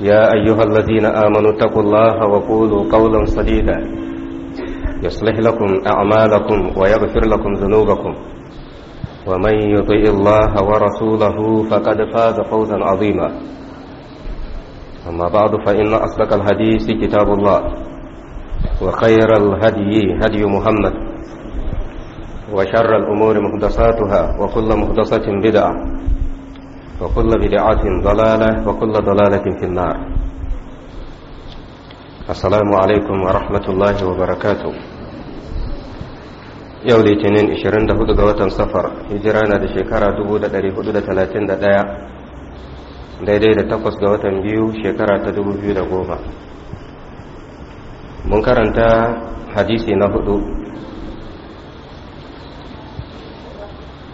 يا أيها الذين آمنوا اتقوا الله وقولوا قولا صديدا يصلح لكم أعمالكم ويغفر لكم ذنوبكم ومن يطيء الله ورسوله فقد فاز فوزا عظيما أما بعد فإن أصدق الحديث كتاب الله وخير الهدي هدي محمد وشر الأمور مهدساتها وكل مهدسة بدعة وكل بدعة ضلالة وكل ضلالة في النار السلام عليكم ورحمة الله وبركاته yau litinin 24 ga watan safar hijira na da shekara 1431 daidai da takwas ga watan biyu shekara ta 2010 mun karanta hadisi na hudu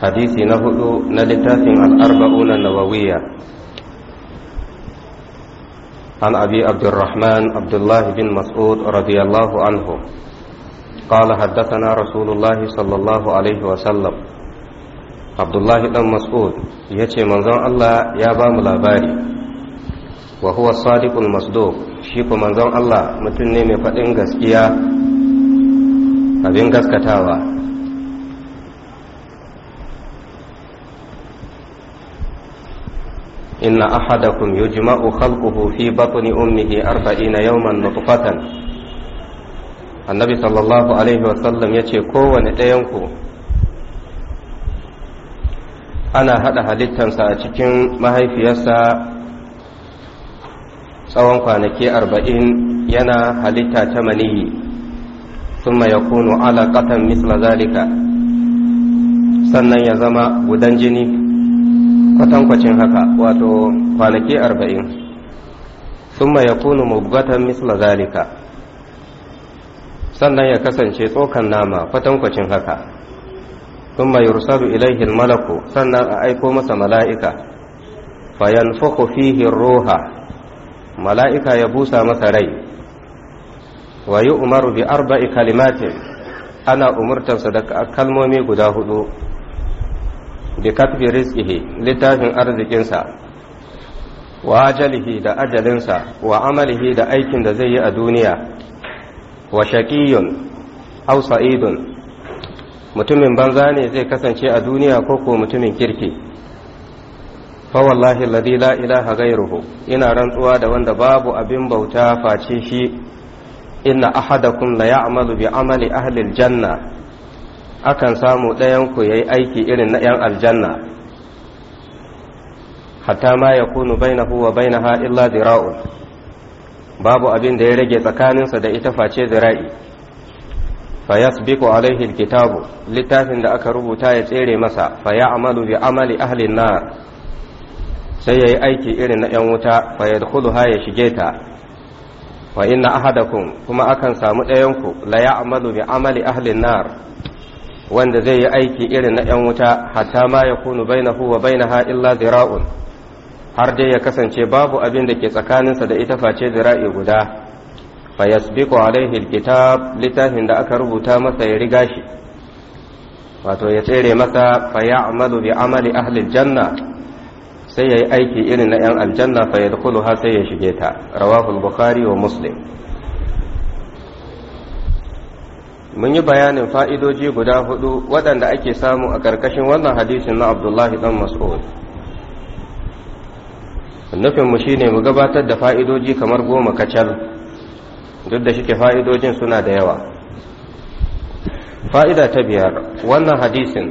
hadisi na hudu na littafin al'arba'una nawawiya عن أبي عبد الرحمن عبد الله بن مسعود رضي الله عنه قال حدثنا رسول الله صلى الله عليه وسلم عبد الله بن مسعود يتي منظر الله يا بام لاباري وهو الصادق المصدوق شيك منظر الله متن نيمي فإن غسكيا أبين غسكتاوا إن أحدكم يجمع خلقه في بطن أمه أربعين يوما نطفة النبي صلى الله عليه وسلم يتي كون ɗayanku ana haɗa halittansa a cikin mahaifiyarsa tsawon kwanaki arba'in yana halitta ta maniyi sun ya kunu alaƙatan misla zalika sannan ya zama gudan jini kwatankwacin haka wato kwanaki arba'in Sun ya kunu mubbatan misla zalika sannan ya kasance tsokan nama kwatankwacin haka Sun summa yursalu ilaihi malaku sannan a aiko masa mala'ika Bayan foko fihi roha. mala'ika ya busa masa rai wayi umaru bi arba'i kalimatin ana umurtansa da kalmomi guda hudu bi kasbi rizqihi littafin arzikinsa wa ajalihi da ajalinsa wa amalihi da aikin da zai yi a duniya wa shaqiyun aw sa'idun mutumin banza ne zai kasance a duniya ko ko mutumin kirki fa wallahi alladhi la ilaha ghayruhu ina rantsuwa da wanda babu abin bauta face shi inna ahadakum la ya'malu bi amali ahli aljanna akan samu ɗayanku ya yi aiki irin na 'yan aljanna hatta ma ya kunu bainahu wa bainaha illa zira'un babu abin da ya rage tsakaninsa da ita face zira'i fa yasbiqu alaihi alkitabu littafin da aka rubuta ya tsere masa fa amalu bi amali ahli nar sai yayi aiki irin na 'yan wuta fa ha ya shige ta wa inna ahadakum kuma akan samu ɗayanku la amalu bi amali ahli nar wanda zai yi aiki irin na 'yan wuta hatta ma ya kunu bainahu wa bainaha illa zira'un har dai ya kasance babu abin da ke tsakaninsa da ita face zira'i guda fa yasbiqu alaihi alkitab da aka rubuta masa ya riga shi wato ya tsere masa fa ya'malu bi amali ahli janna sai yayi aiki irin na 'yan aljanna fa yadkhuluha sai ya shige ta rawahul bukhari wa muslim mun yi bayanin fa'idoji guda hudu waɗanda ake samu a ƙarƙashin wannan hadisin na abdullahi ɗan mas'ud nufinmu shi ne mu gabatar da fa'idoji kamar goma kacal duk da shike fa'idojin suna da yawa fa'ida ta biyar wannan hadisin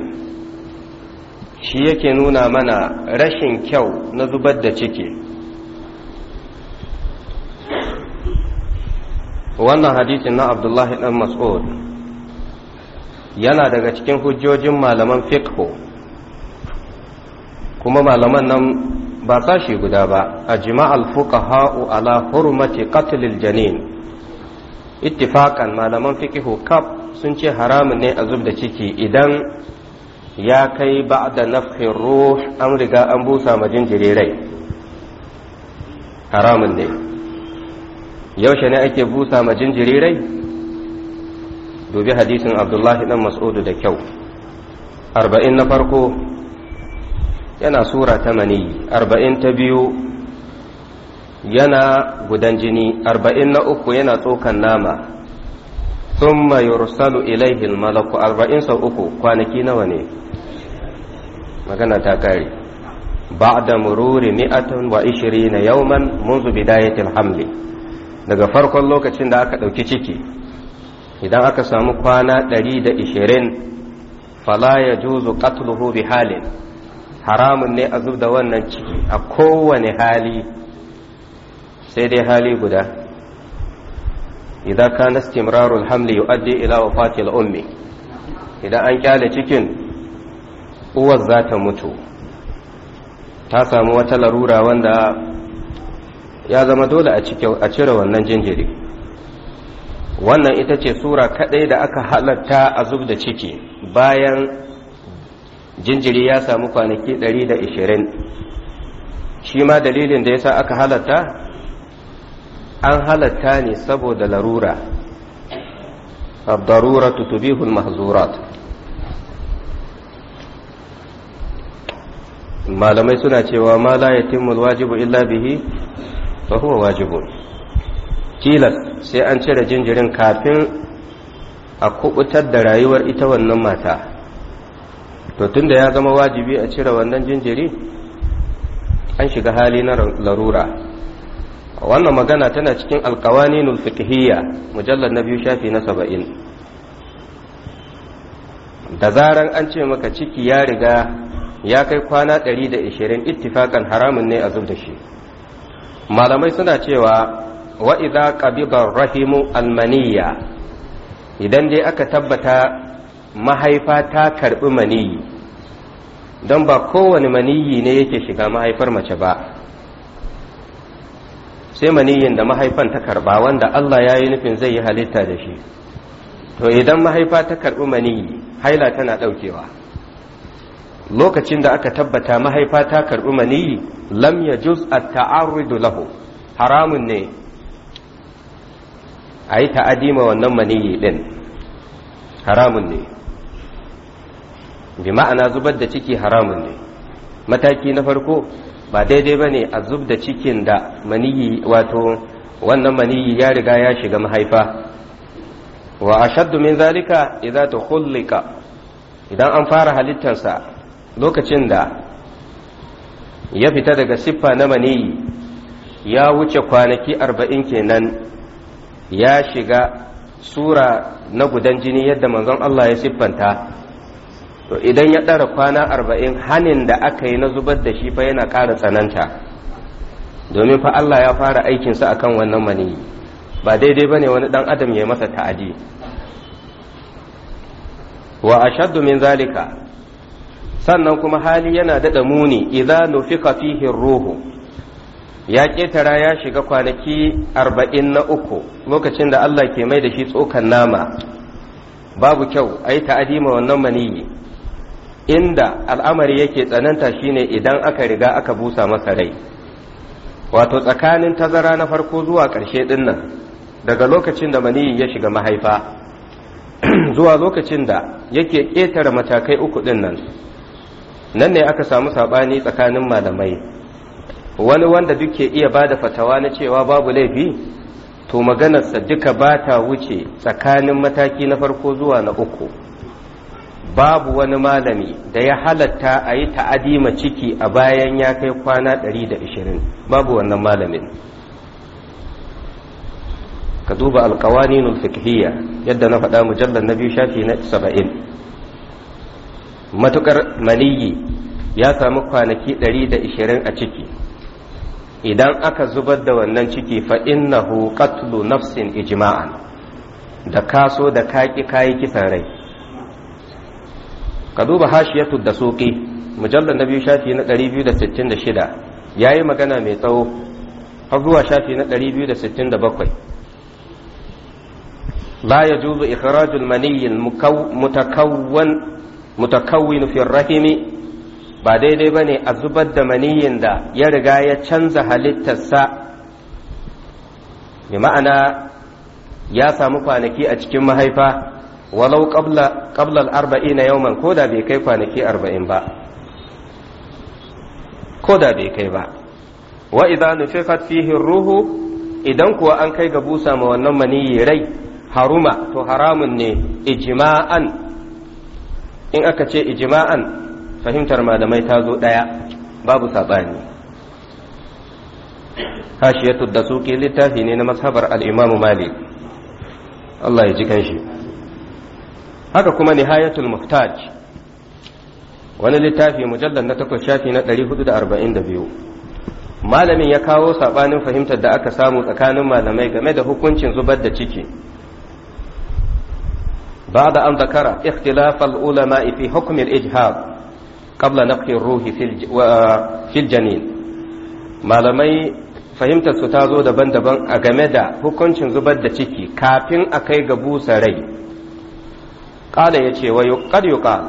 shi yake nuna mana rashin kyau na zubar da ciki wannan hadisin na abdullahi ɗan mas'ud yana daga cikin hujjojin malaman fiqh kuma malaman nan ba sashi guda ba a jima'al fuqaha'u ala hurmati qatlil janin ittifaqan malaman fiqh kaf sun ce haramun ne a zub da ciki idan ya kai ba'da nafhin ruh an riga an busa ma rai haramun ne yaushe ne ake busa ma jinjiri rai dubi hadisin abdullahi dan mas'udu da kyau arba'in na farko yana sura ta mani arba'in ta biyu yana gudan jini arba'in na uku yana tsokan nama thumma yursalu ilaihi malaku arba'in sau uku kwanaki nawa ne magana ta kare ba'da mururi mi'atan wa ishirina yawman munzu bidayatil hamli daga farkon lokacin da aka ɗauki ciki idan aka samu kwana ɗari 120 fala ya juzu qatluhu bi halin haramun ne a zub da wannan ciki a kowane hali sai dai hali guda idan kana istimrarul hamli yuaddi ila wafati al-ummi idan an kyale cikin uwar za ta mutu ta samu wata larura wanda ya zama dole a cire wannan jinjiri wannan ita ce sura kaɗai da aka halatta a zub da ciki bayan jinjiri ya samu kwanaki 120 shi ma dalilin da ya sa aka halatta an halatta ne saboda larura abdarura tutubihul mahzurat malamai suna cewa ma la yatimul wajibu illa bihi fa huwa wajibun tilas sai an cire jinjirin kafin a kubutar da rayuwar ita wannan mata to tunda ya zama wajibi a cire wannan jinjiri an shiga hali na larura wannan magana tana cikin alkawaninul fiqhiyya mujallar na biyu shafi na saba'in da zaran an ce maka ciki ya riga ya kai kwana 120 ittifakan haramun ne a zub shi malamai suna cewa wa idza qabida rahimu almaniya idan dai aka tabbata mahaifa ta karbi maniyi don ba kowane maniyi ne yake shiga mahaifar mace ba sai maniyin da mahaifan ta karba wanda Allah ya yi nufin zai yi halitta da shi to idan mahaifa ta karbi maniyi haila tana ɗaukewa lokacin da aka tabbata mahaifa ta karbi maniyi lam yajuz at-ta'arrudu lahu haramun ne a yi ta'adi ma wannan maniyi din haramun ne bi ma'ana zubar da ciki haramun ne mataki na farko ba daidai ba ne a zub da cikin da maniyi wato wannan maniyi ya riga ya shiga mahaifa wa ashaddu min zalika idza ta idan an fara halittarsa lokacin da ya fita daga siffa na maniyi ya wuce kwanaki arba'in kenan ya shiga sura na gudan jini yadda manzon Allah ya siffanta to idan ya ɗara kwana arba'in hanin da aka yi na zubar da shi fa yana ƙara tsananta domin fa Allah ya fara aikinsa akan wannan maniyi ba daidai ba ne wani ɗan adam ya masa ta'adi wa ashaddu min zalika sannan kuma hali yana daɗa muni idza nufika fihi ruhu ya ƙetara ya shiga kwanaki arba'in na uku lokacin da Allah ke mai da shi tsokan nama babu kyau a yi ma wannan maniyi inda al'amari yake tsananta shine idan aka riga aka busa masa rai wato tsakanin tazara na farko zuwa ƙarshe ɗin nan daga lokacin da maniyi ya shiga mahaifa zuwa lokacin da yake ƙetare matakai uku ɗin nan nan ne aka samu saɓani tsakanin malamai wani wanda duke iya ba da fatawa na cewa babu laifi to maganarsa duka ba ta wuce tsakanin mataki na farko zuwa na uku babu wani malami da ya halatta a yi ta'adima ciki a bayan ya kai kwana 120 babu wannan malamin ka duba alkawanin fikhiya yadda na faɗa mujallar na biyu shafi na 70 matukar maniyi ya sami kwanaki 120 a ciki idan aka zubar da wannan ciki fa innahu qatlu nafsin ijma'an da kaso da kaki kayi kisan rai ka duba hashiyatu da suƙi mujallar na biyu shafi na 266 ya yi magana mai tsawo har zuwa shafi na 267 la ya juzu ikhrajul maniyyin mutakawwin fi rahimi ba daidai ba ne a zubar da maniyin da ya riga ya canza halittarsa bi ma'ana ya samu kwanaki a cikin mahaifa walau ƙablar arba'i na yauman ko da bai kai kwanaki arba'in ba ko da bai kai ba wa idza nufiqat fihi ruhu idan kuwa an kai ga busa ma wannan maniyi rai haruma to haramun ne ijma'an in aka ce ijma'an fahimtar malamai ta zo ɗaya babu saɓani hashiyatu da suke littafi ne na mazhabar al'imamu malik Allah ya ji kanshi haka kuma nihayatul muhtaj wani littafi mujallar na takwas shafi na 442 malamin ya kawo saɓanin fahimtar da aka samu tsakanin malamai game da hukuncin zubar da ciki بعد أن ذكر اختلاف العلماء في حكم الإجهاض qabla nafkin ruhi fil janin malamai fahimtar su ta zo daban-daban a game da hukuncin zubar da ciki kafin a kai ga busa rai ƙala ya ce wa yuqal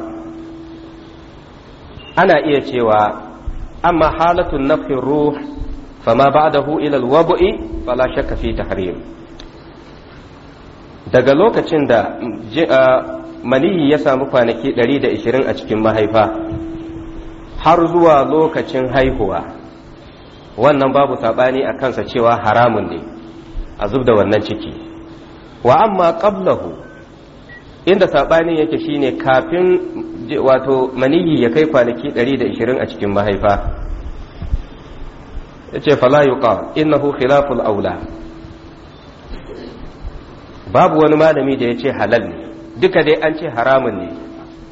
ana iya cewa amma halatun nafkin ruh fama ba'dahu ila alwabu'i fala shakka fi tahrim daga lokacin da maniyi ya samu kwanaki da 120 a cikin mahaifa har zuwa lokacin haihuwa wannan babu saɓani a kansa cewa haramun ne a zub da wannan ciki wa amma qablahu inda saɓanin yake shine kafin wato maniyi ya kai kwanaki 120 a cikin mahaifa yace fala yuqal innahu khilaful aula babu wani malami da ya ce halal ne duka dai an ce haramun ne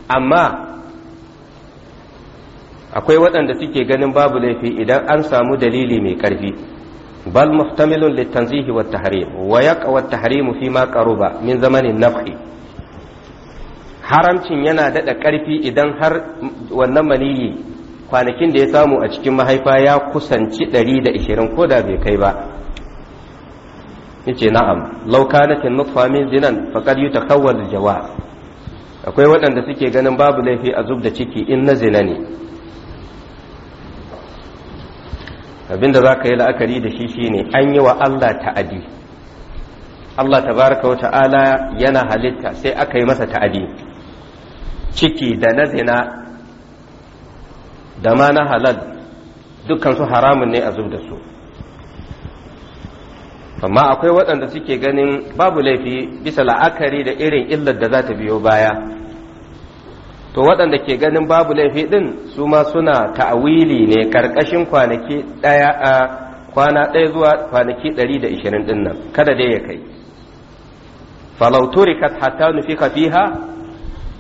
amma akwai waɗanda suke ganin babu laifi idan an samu dalili mai ƙarfi bal muhtamilun litanzihi wa tahrim wa yaqa wa tahrim fi ma qaruba min zamanin nafhi haramcin yana daɗa ƙarfi idan har wannan maniyi kwanakin da ya samu a cikin mahaifa ya kusanci 120 ko da bai kai ba yace na'am law kanat nutfa min zinan faqad yutakawwal jawab akwai waɗanda suke ganin babu laifi a zub da ciki in na zina ne abinda za ka yi la'akari da shi shine an yi wa Allah ta'adi Allah tabaraka wa ta'ala yana halitta sai aka yi masa ta'adi ciki da na zina da ma na halal dukkan su haramun ne a zub da su amma akwai waɗanda suke ganin babu laifi bisa la'akari da irin illar da za ta biyo baya to waɗanda ke ganin babu laifi ɗin su ma suna ta'awili ne ƙarƙashin kwanaki ɗaya a kwana ɗaya zuwa kwanaki ɗari da ishirin ɗin nan kada dai ya kai falauturikat hatta nufika fiha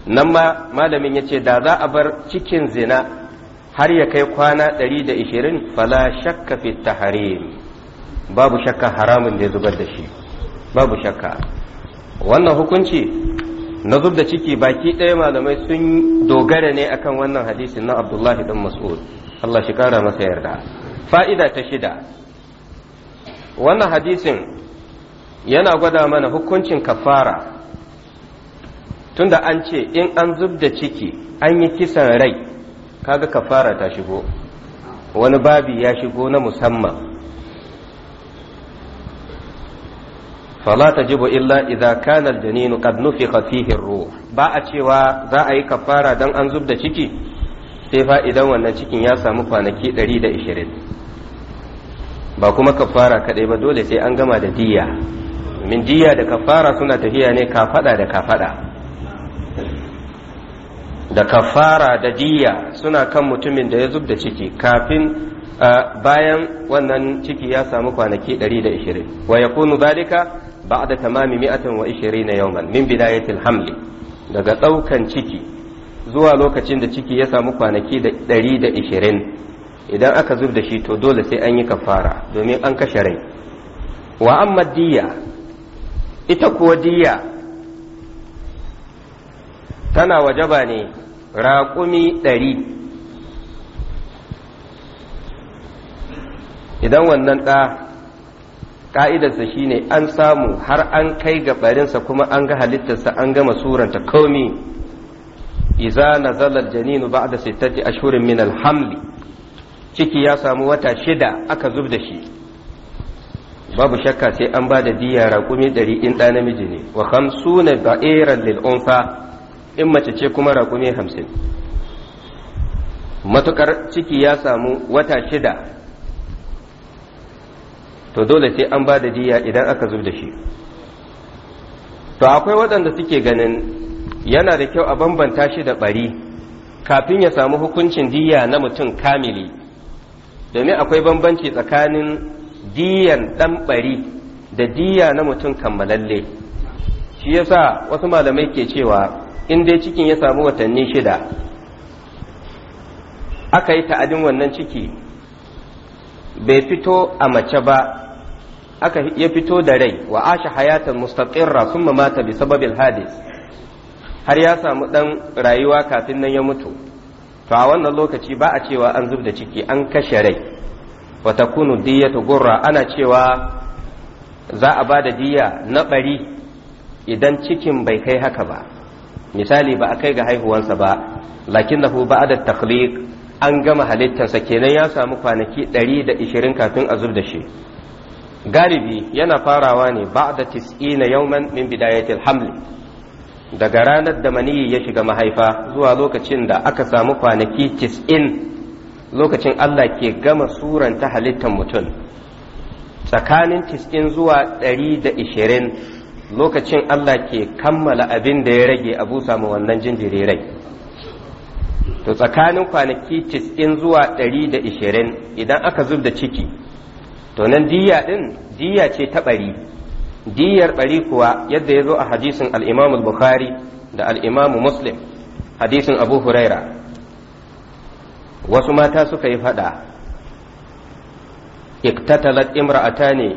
nan ma malamin ya ce da za a bar cikin zina har ya kai kwana ɗari da ishirin fala shakka fi taharim babu shakka haramun da ya zubar da shi babu shakka wannan hukunci na zub da ciki baki ɗaya malamai sun dogara ne akan wannan hadisin na abdullahi dan mas'ud Allah shi kara masa yarda fa'ida ta shida wannan hadisin yana gwada mana hukuncin kafara tunda an ce in an zub da ciki an yi kisan rai kaga kafara ta shigo wani babi ya shigo na musamman fala تجب illa idza kana الجنين قد نفخ فيه الروح ba a cewa za a yi kafara dan an zubda ciki sai fa idan wannan cikin ya samu kwanaki 120 ba kuma kafara kadai ba dole sai an gama da diya min diya da kafara suna tafiya ne kafada da kafada da kafara da diya suna kan mutumin da ya zubda ciki kafin bayan wannan ciki ya samu kwanaki 120 wa yakunu zalika ba'da tamami mi'atan wa ishirina yawman min bidayatil hamli daga ɗaukan ciki zuwa lokacin da ciki ya samu kwanaki da ɗari da ishirin idan aka zub da shi to dole sai an yi kafara domin an kashe rai wa amma diya ita kuwa diya tana wajaba ne raƙumi ɗari idan wannan ɗa ka'idarsa shine an samu har an kai ga barinsa kuma an ga halittarsa an gama suranta komi iza zalar janinu ba ba'da a shirin min alhamli ciki ya samu wata shida aka zub da shi babu shakka sai an ba da diya raƙumi ɗari in ɗa namiji ne wa suna ba'iran lil'unfa in mace ce kuma raƙumi hamsin Matuƙar ciki ya samu wata shida to dole sai an ba da diya idan aka zo da shi to akwai waɗanda suke ganin yana da kyau a bambanta shi da ɓari kafin ya samu hukuncin diya na mutum kamili domin akwai bambanci tsakanin diyan ɗan ɓari da diya na mutum kammalalle shi yasa wasu malamai ke cewa in dai cikin ya samu watanni shida aka yi ta'adin wannan ciki bai fito a mace ba aka ya fito da rai wa asha hayatan mustaqirra summa mata bi sababil hadis har ya samu dan rayuwa kafin nan ya mutu to a wannan lokaci ba a cewa an zub da ciki an kashe rai wa takunu diyatu gurra ana cewa za a ba da diya na bari idan cikin bai kai haka ba misali ba a kai ga haihuwansa ba lakinnahu ba'da takhliq an gama halittarsa kenan ya samu kwanaki 120 kafin a zub da shi galibi yana farawa ne ba'da tis'ina yauman min bidayatil hamli daga ranar da maniyi ya shiga mahaifa zuwa lokacin da aka samu kwanaki tis'in lokacin Allah ke gama suranta halittar mutum tsakanin tis'in zuwa 120 lokacin Allah ke kammala abin da ya rage a busa ma wannan jinjiri rai to tsakanin kwanaki 90 zuwa 120 idan aka zub da ciki to nan diya din diya ce ta bari diyar bari kuwa yadda ya zo a hadisin al bukhari da al-Imam Muslim hadisin Abu Huraira wasu mata suka yi fada iktatalat imra'atani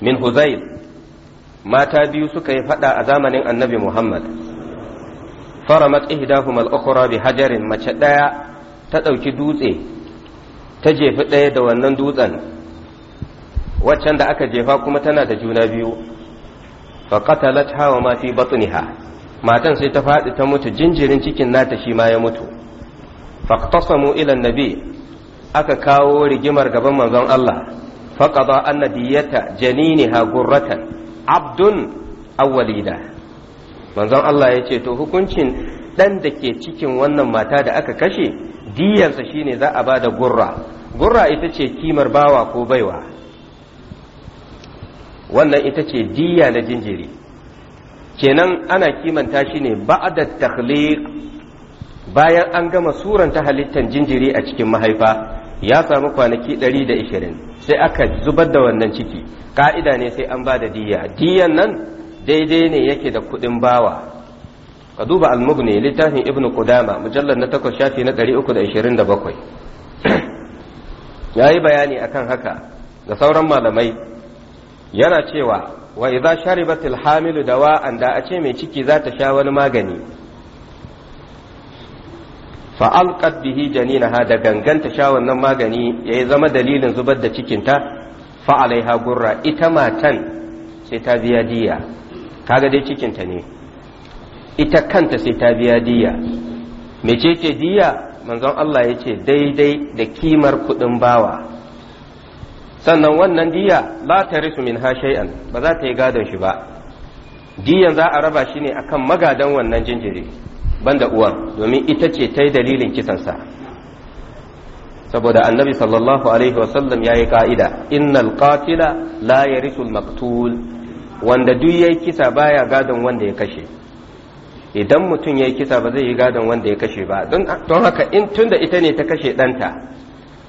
min Huzayl mata biyu suka yi fada a zamanin Annabi Muhammad faramat al ukhra bi hajarin mace ɗaya ta ɗauki dutse ta jefi ɗaya da wannan dutsen waccan da aka jefa kuma tana da juna biyu fa qatalat hawa ma fi batniha matan sai ta faɗi ta mutu jinjirin cikin nata shi ma ya mutu faqtasamu ila nabi aka kawo rigimar gaban manzon Allah faqada anna diyata janiniha gurratan abdun awwalida manzon Allah ya ce to hukuncin ɗan da ke cikin wannan mata da aka kashe diyansa shine za a ba da gurra gurra ita ce kimar bawa ko baiwa wannan ita ce diya na jinjiri kenan ana kimanta shi ne ba'da takhliq bayan an gama suranta halittar jinjiri a cikin mahaifa ya samu kwanaki 120 sai aka zubar da wannan ciki ka'ida ne sai an ba da diya diyan nan daidai ne yake da kuɗin bawa ka duba almugni littafin ibnu kudama mujallar na takwas shafi na 327 ya yi bayani akan haka da sauran malamai yana cewa wa idza sharibat alhamilu da da a ce mai ciki za ta sha wani magani fa alqat bihi janina da ganganta sha wannan magani yayi zama dalilin zubar da cikinta fa alaiha gurra ita matan sai ta biya diya kaga dai cikinta ne ita kanta sai ta biya diya mecece diya manzon Allah ya ce daidai da kimar kudin bawa sannan wannan diya la ta risu min shay'an ba za ta yi gadon shi ba diyan za a raba shi ne akan magadan wannan jinjiri banda uwan domin ita ce ta yi dalilin kisansa saboda annabi sallallahu alaihi wasallam ya yi ka'ida innal qatila la yarisul maqtul wanda duk yayi kisa baya gadon wanda ya kashe idan mutum yayi kisa ba zai yi gadon wanda ya kashe ba don haka in tunda ita ne ta kashe ɗanta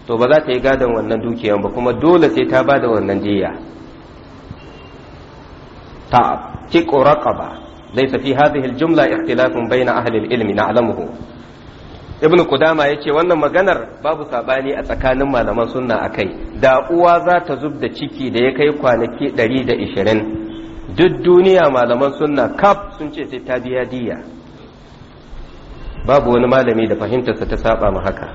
to ba za ta yi gadon wannan dukiyan ba kuma dole sai ta ba da wannan diya ta tiqu raqaba laysa fi hadhihi al-jumla ikhtilafun bayna ahli al na na'lamuhu ibn kudama ya ce wannan maganar babu sabani a tsakanin malaman sunna akai. da uwa za ta zub da ciki da ya kai kwanaki 120 duk duniya malaman sunna kaf sun ce sai ta biya diya babu wani malami da fahimtarsa ta saba ma haka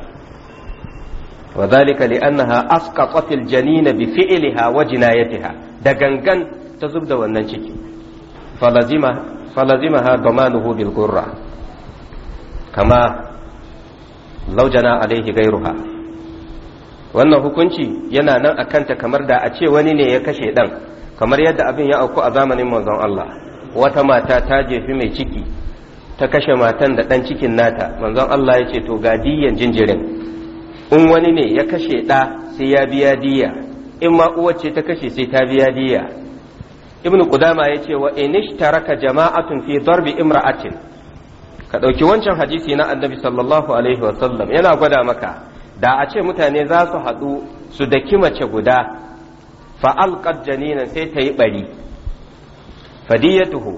wa zalika li annaha asqatat al janina bi fi'liha wa jinayatiha da gangan ta zubda wannan ciki falazima falazimaha damanuhu kama laujana alaihi gairuha wannan hukunci yana nan akanta kamar da a ce wani ne ya kashe ɗan. kamar yadda abin ya auku a zamanin manzon Allah wata mata ta jefi mai ciki ta kashe matan da ɗan cikin nata manzon Allah ya ce to ga diyan jinjirin in wani ne ya kashe ɗa sai ya biya diya in ma uwace ta kashe sai ta biya diya ibnu qudama ya ce wa inishtaraka jama'atun fi darbi imra'atin ka ɗauki wancan hadisi na annabi sallallahu alaihi sallam yana gwada maka da a ce mutane za su haɗu su daki mace guda fa alqat janinan sai ta yi bari fadiyatuhu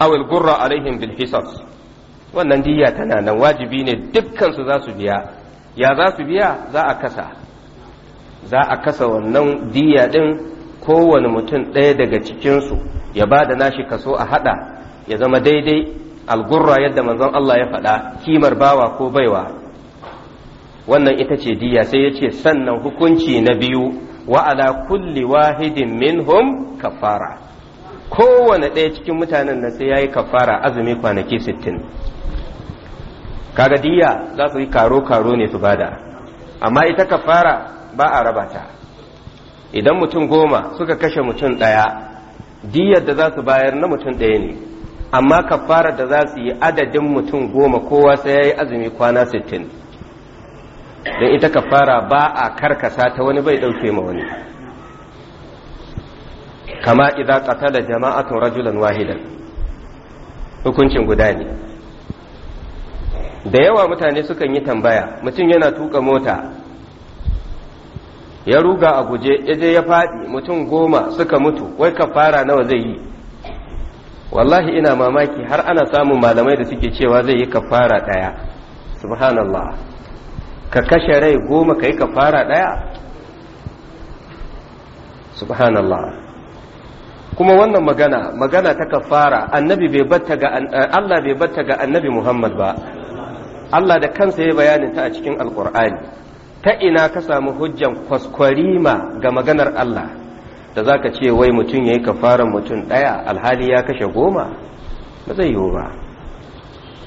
aw al alaihim bil wannan diya tana nan wajibi ne dukkan su za su biya ya za su biya za a kasa za a kasa wannan diya din kowane mutum ɗaya daga cikinsu ya ba da nashi kaso a haɗa ya zama daidai algurra yadda manzon Allah ya faɗa kimar bawa ko baiwa wannan ita ce diya sai ya ce sannan hukunci na biyu wa ala kulli wahidin minhum kafara kowane ɗaya cikin mutanen nan sai yayi kafara azumi kwanaki sittin kaga diya za su yi karo karo ne su bada amma ita kafara ba a raba ta idan mutum goma suka kashe mutum ɗaya diyar da za su bayar na mutum ɗaya ne amma kafara da za su yi adadin mutum goma kowa sai ya yi azumi kwana sittin don ita kafara ba a karkasa ta wani bai ɗauke ma wani kama idza qatala jama'atun rajulan wahidan hukuncin guda ne da yawa mutane sukan yi tambaya mutum yana tuka mota ya ruga a guje ya je ya faɗi mutum goma suka mutu wai kafara nawa zai yi wallahi ina mamaki har ana samun malamai da suke cewa zai yi kafara ɗaya subhanallah ka kashe rai goma ka yi ka fara ɗaya subhanallah kuma wannan magana magana ta kafara annabi bai batta ga eh, Allah bai batta ga annabi Muhammad ba Allah da kansa ya bayanin ta a cikin alkur'ani ta ina ka samu hujjan kwaskwarima ga maganar Allah da za ka ce wai mutum ya yi ka fara mutum ɗaya alhali ya kashe goma ba zai yiwu ba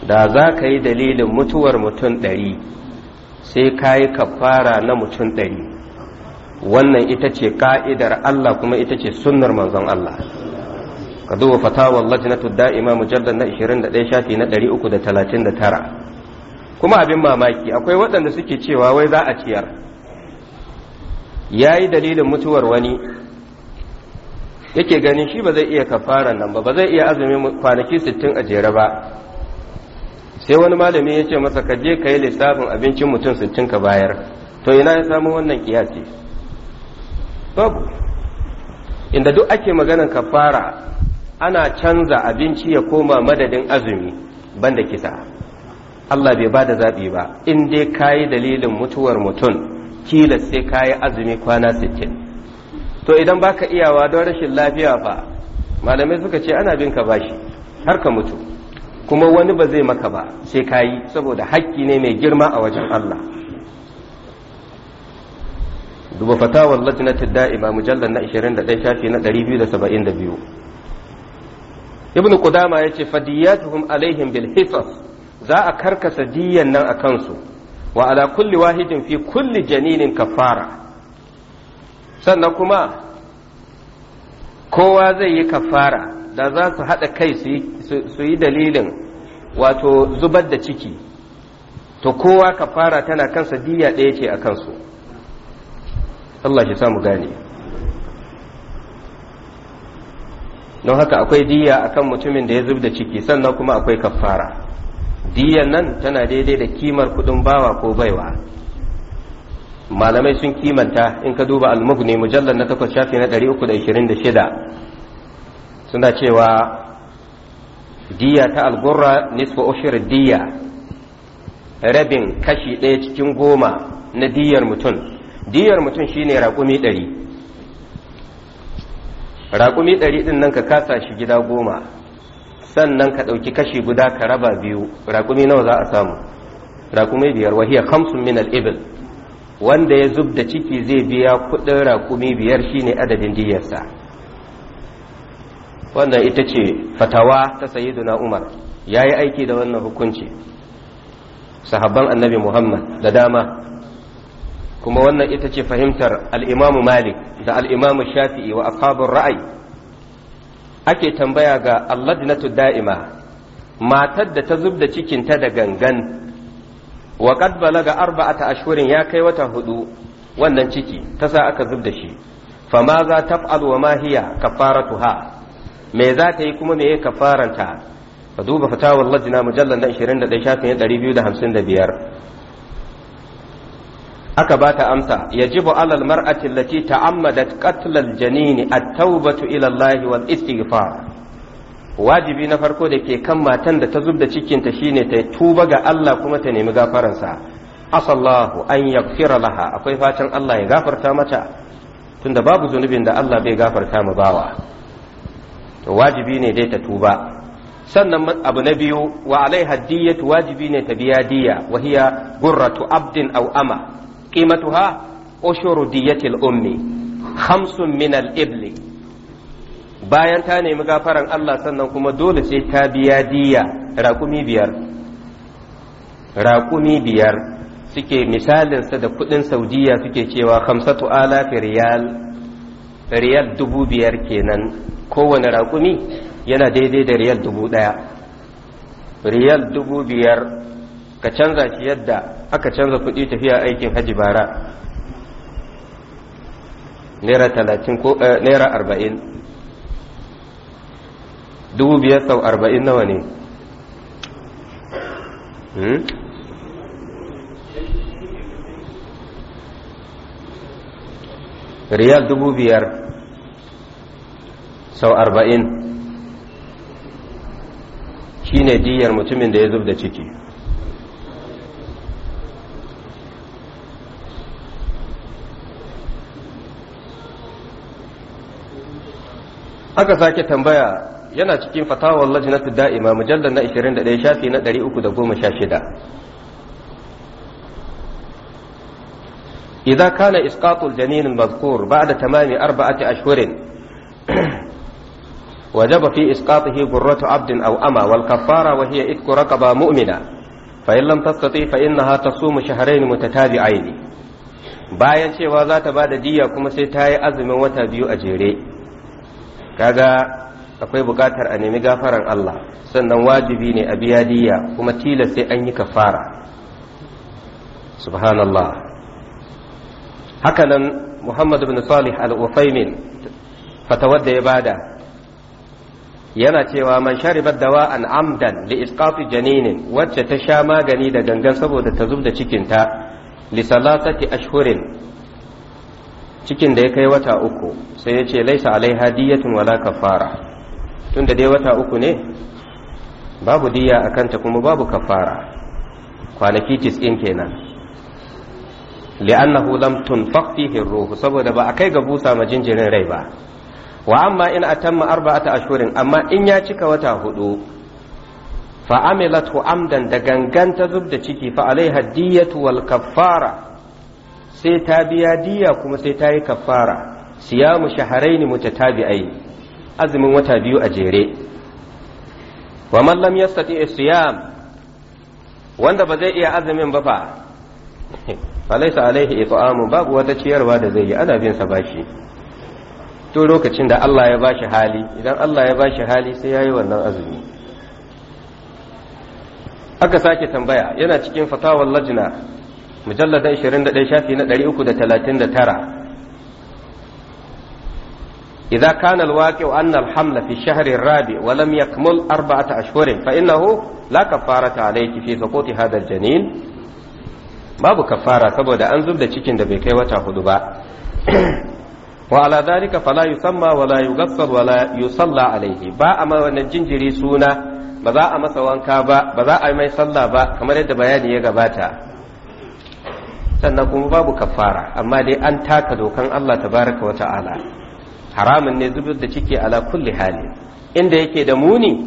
da za ka yi dalilin mutuwar mutum ɗari sai ka yi kafara na mutum ɗari wannan ita ce ka'idar Allah kuma ita ce sunnar manzon Allah ka duba fatawar lajnatu da'ima mujallar na 21 shafi na 339 kuma abin mamaki akwai waɗanda suke cewa wai za a ciyar ya yi dalilin mutuwar wani yake ganin shi ba zai iya kafara nan ba ba zai iya azumin kwanaki 60 a jere ba sai wani malami ya ce masa ka je ka yi lissafin abincin mutum sittin ka bayar to ina ya samu wannan kiyasi babu inda duk ake ka fara ana canza abinci ya koma madadin azumi banda kisa Allah bai ba da zaɓi ba in dai ka yi dalilin mutuwar mutum kila sai ka yi azumi kwana sittin to idan baka iyawa don rashin lafiya fa malamai suka ce ana bin ka bashi har ka mutu kuma wani ba zai maka ba sai ka yi saboda haƙƙi ne mai girma a wajen Allah duba fatawar lajnati da'ima mujallar na 21 shafi na 272 Kudama ya ce fadiyatuhum alaihim bil hisas za a karkasa diyan nan a kansu wa ala kulli wahidin fi kulli janinin kafara sannan kuma kowa zai yi kafara da za su haɗa kai su yi su yi dalilin wato zubar da ciki to kowa ka fara tana kansa diya ɗaya ce a kansu Allah shi samu gane don haka akwai diya kan mutumin da ya zub da ciki sannan kuma akwai kafara diyan nan tana daidai da kimar kudin bawa ko baiwa malamai sun kimanta in ka duba almugni mujallar na takwas shafi na 326 suna cewa diya ta algurra nisfa ushir diya rabin kashi ɗaya cikin goma na diyar mutum diyar mutum shine raƙumi ɗari raƙumi ɗari ɗin nan ka kasa shi gida goma sannan ka ɗauki kashi guda ka raba biyu raƙumi nawa za a samu raƙumi biyar wahiya hamsin min al'ibil wanda ya zub da ciki zai biya kuɗin raƙumi biyar shine adadin diyarsa wannan ita ce fatawa ta sayyiduna umar ya yi aiki da wannan hukunci sahabban annabi muhammad da dama kuma wannan ita ce fahimtar al'imamu malik da al'imamu shafi'i wa ashabun ra'ayi ake tambaya ga alladinatu da'ima matar da ta zub da cikinta da gangan wa qad Arba'a arba'ata ashurin ya kai wata hudu wannan ciki ta sa aka zub da shi fama za taf'al wa ma hiya kafaratuha me za ta yi kuma me ya kafaranta ka duba fatawar lajina mujallar da 21 shafin 255 aka ba ta amsa yajibu alal mar'ati allati ta'ammadat da al-janini at-taubatu ila Allah wal istighfar wajibi na farko da ke kan matan da ta zubda cikinta shine ta tuba ga Allah kuma ta nemi gafaransa asallahu an yaghfira laha akwai fatan Allah ya gafarta mata tunda babu zunubin da Allah bai gafarta mu bawa to wajibi ne dai ta tuba sannan abu na biyu wa alaiha wajibi ne ta biya diya wa hiya gurratu abdin aw ama qimatuha ushuru diyatil ummi khamsun min al ibli bayan ta nemi gafaran Allah sannan kuma dole sai ta biya diya raƙumi biyar raƙumi biyar suke misalinsa da kuɗin saudiya suke cewa hamsatu ala riyal riyal dubu biyar kenan kowane raƙumi yana daidai da riyal dubu ɗaya riyal dubu biyar ka canza shi yadda aka canza kuɗi tafiya aikin hajji bara naira talatin ko eh, naira arba'in dubu biyar sau arba'in nawa ne hmm? riyal dubu biyar sau arba'in shi ne diyar mutumin da ya zub da ciki aka sake tambaya yana cikin fatawar lajinatu da'ima mujallar na 21 shafi na 316 إذا كان إسقاط الجنين المذكور بعد تمام أربعة أشهر وجب في إسقاطه برة عبد أو أما والكفارة وهي إتك رقبة مؤمنة فإن لم تستطيع فإنها تصوم شهرين متتابعين bayan cewa za ta ba da kuma sai ta yi azumin wata biyu a jere kaga akwai bukatar a nemi gafaran Allah sannan wajibi ne a biya diya kuma tilas sai an yi kafara subhanallah hakanan muhammad Ibn salih al-ufaimin fatawar da ya bada yana cewa man sharibat dawa an amdan li isqati janinin wacce ta sha magani da gangan saboda ta zubda cikinta li salatati ashhurin cikin da ya kai wata uku sai yace laisa alai hadiyatun wala kafara tunda dai wata uku ne babu diya a kanta kuma babu kafara kwanaki tis'in kenan li'annahu lam tunfaq fihi ruhu saboda ba a kai ga busa ma jinjirin rai ba wa amma in atamma arba'ata ashhurin amma in ya cika wata hudu fa amilatu amdan da gangan ta zub ciki fa alaiha diyatu wal kaffara sai ta biya diya kuma sai ta yi kaffara siyamu shahrayn mutatabi'ai azumin wata biyu a jere wa man lam yastati siyam wanda ba zai iya azumin ba fa falaisa alaihi it'amu babu wata ciyarwa da zai yi ana bin sa bashi to lokacin da Allah ya bashi hali idan Allah ya ba shi hali sai ya yi wannan azumi aka sake tambaya yana cikin fatawar lajina mujalladan 21 shafi na 339 إذا كان الواقع أن الحمل في الشهر الرابع yakmul يكمل أربعة أشهر فإنه لا كفارة عليك fi سقوط هذا Janin? babu kafara saboda an zub da cikin da bai kai wata hudu ba wa ala dhalika fala yusamma wala yughassal wala yusalla alaihi ba amma wannan jinjiri suna ba za a masa wanka ba ba za a yi mai sallah ba kamar yadda bayani ya gabata sannan kuma babu kafara amma dai an taka dokan Allah tabaraka wa ta'ala haramun ne zubar da ciki ala kulli hali inda yake da muni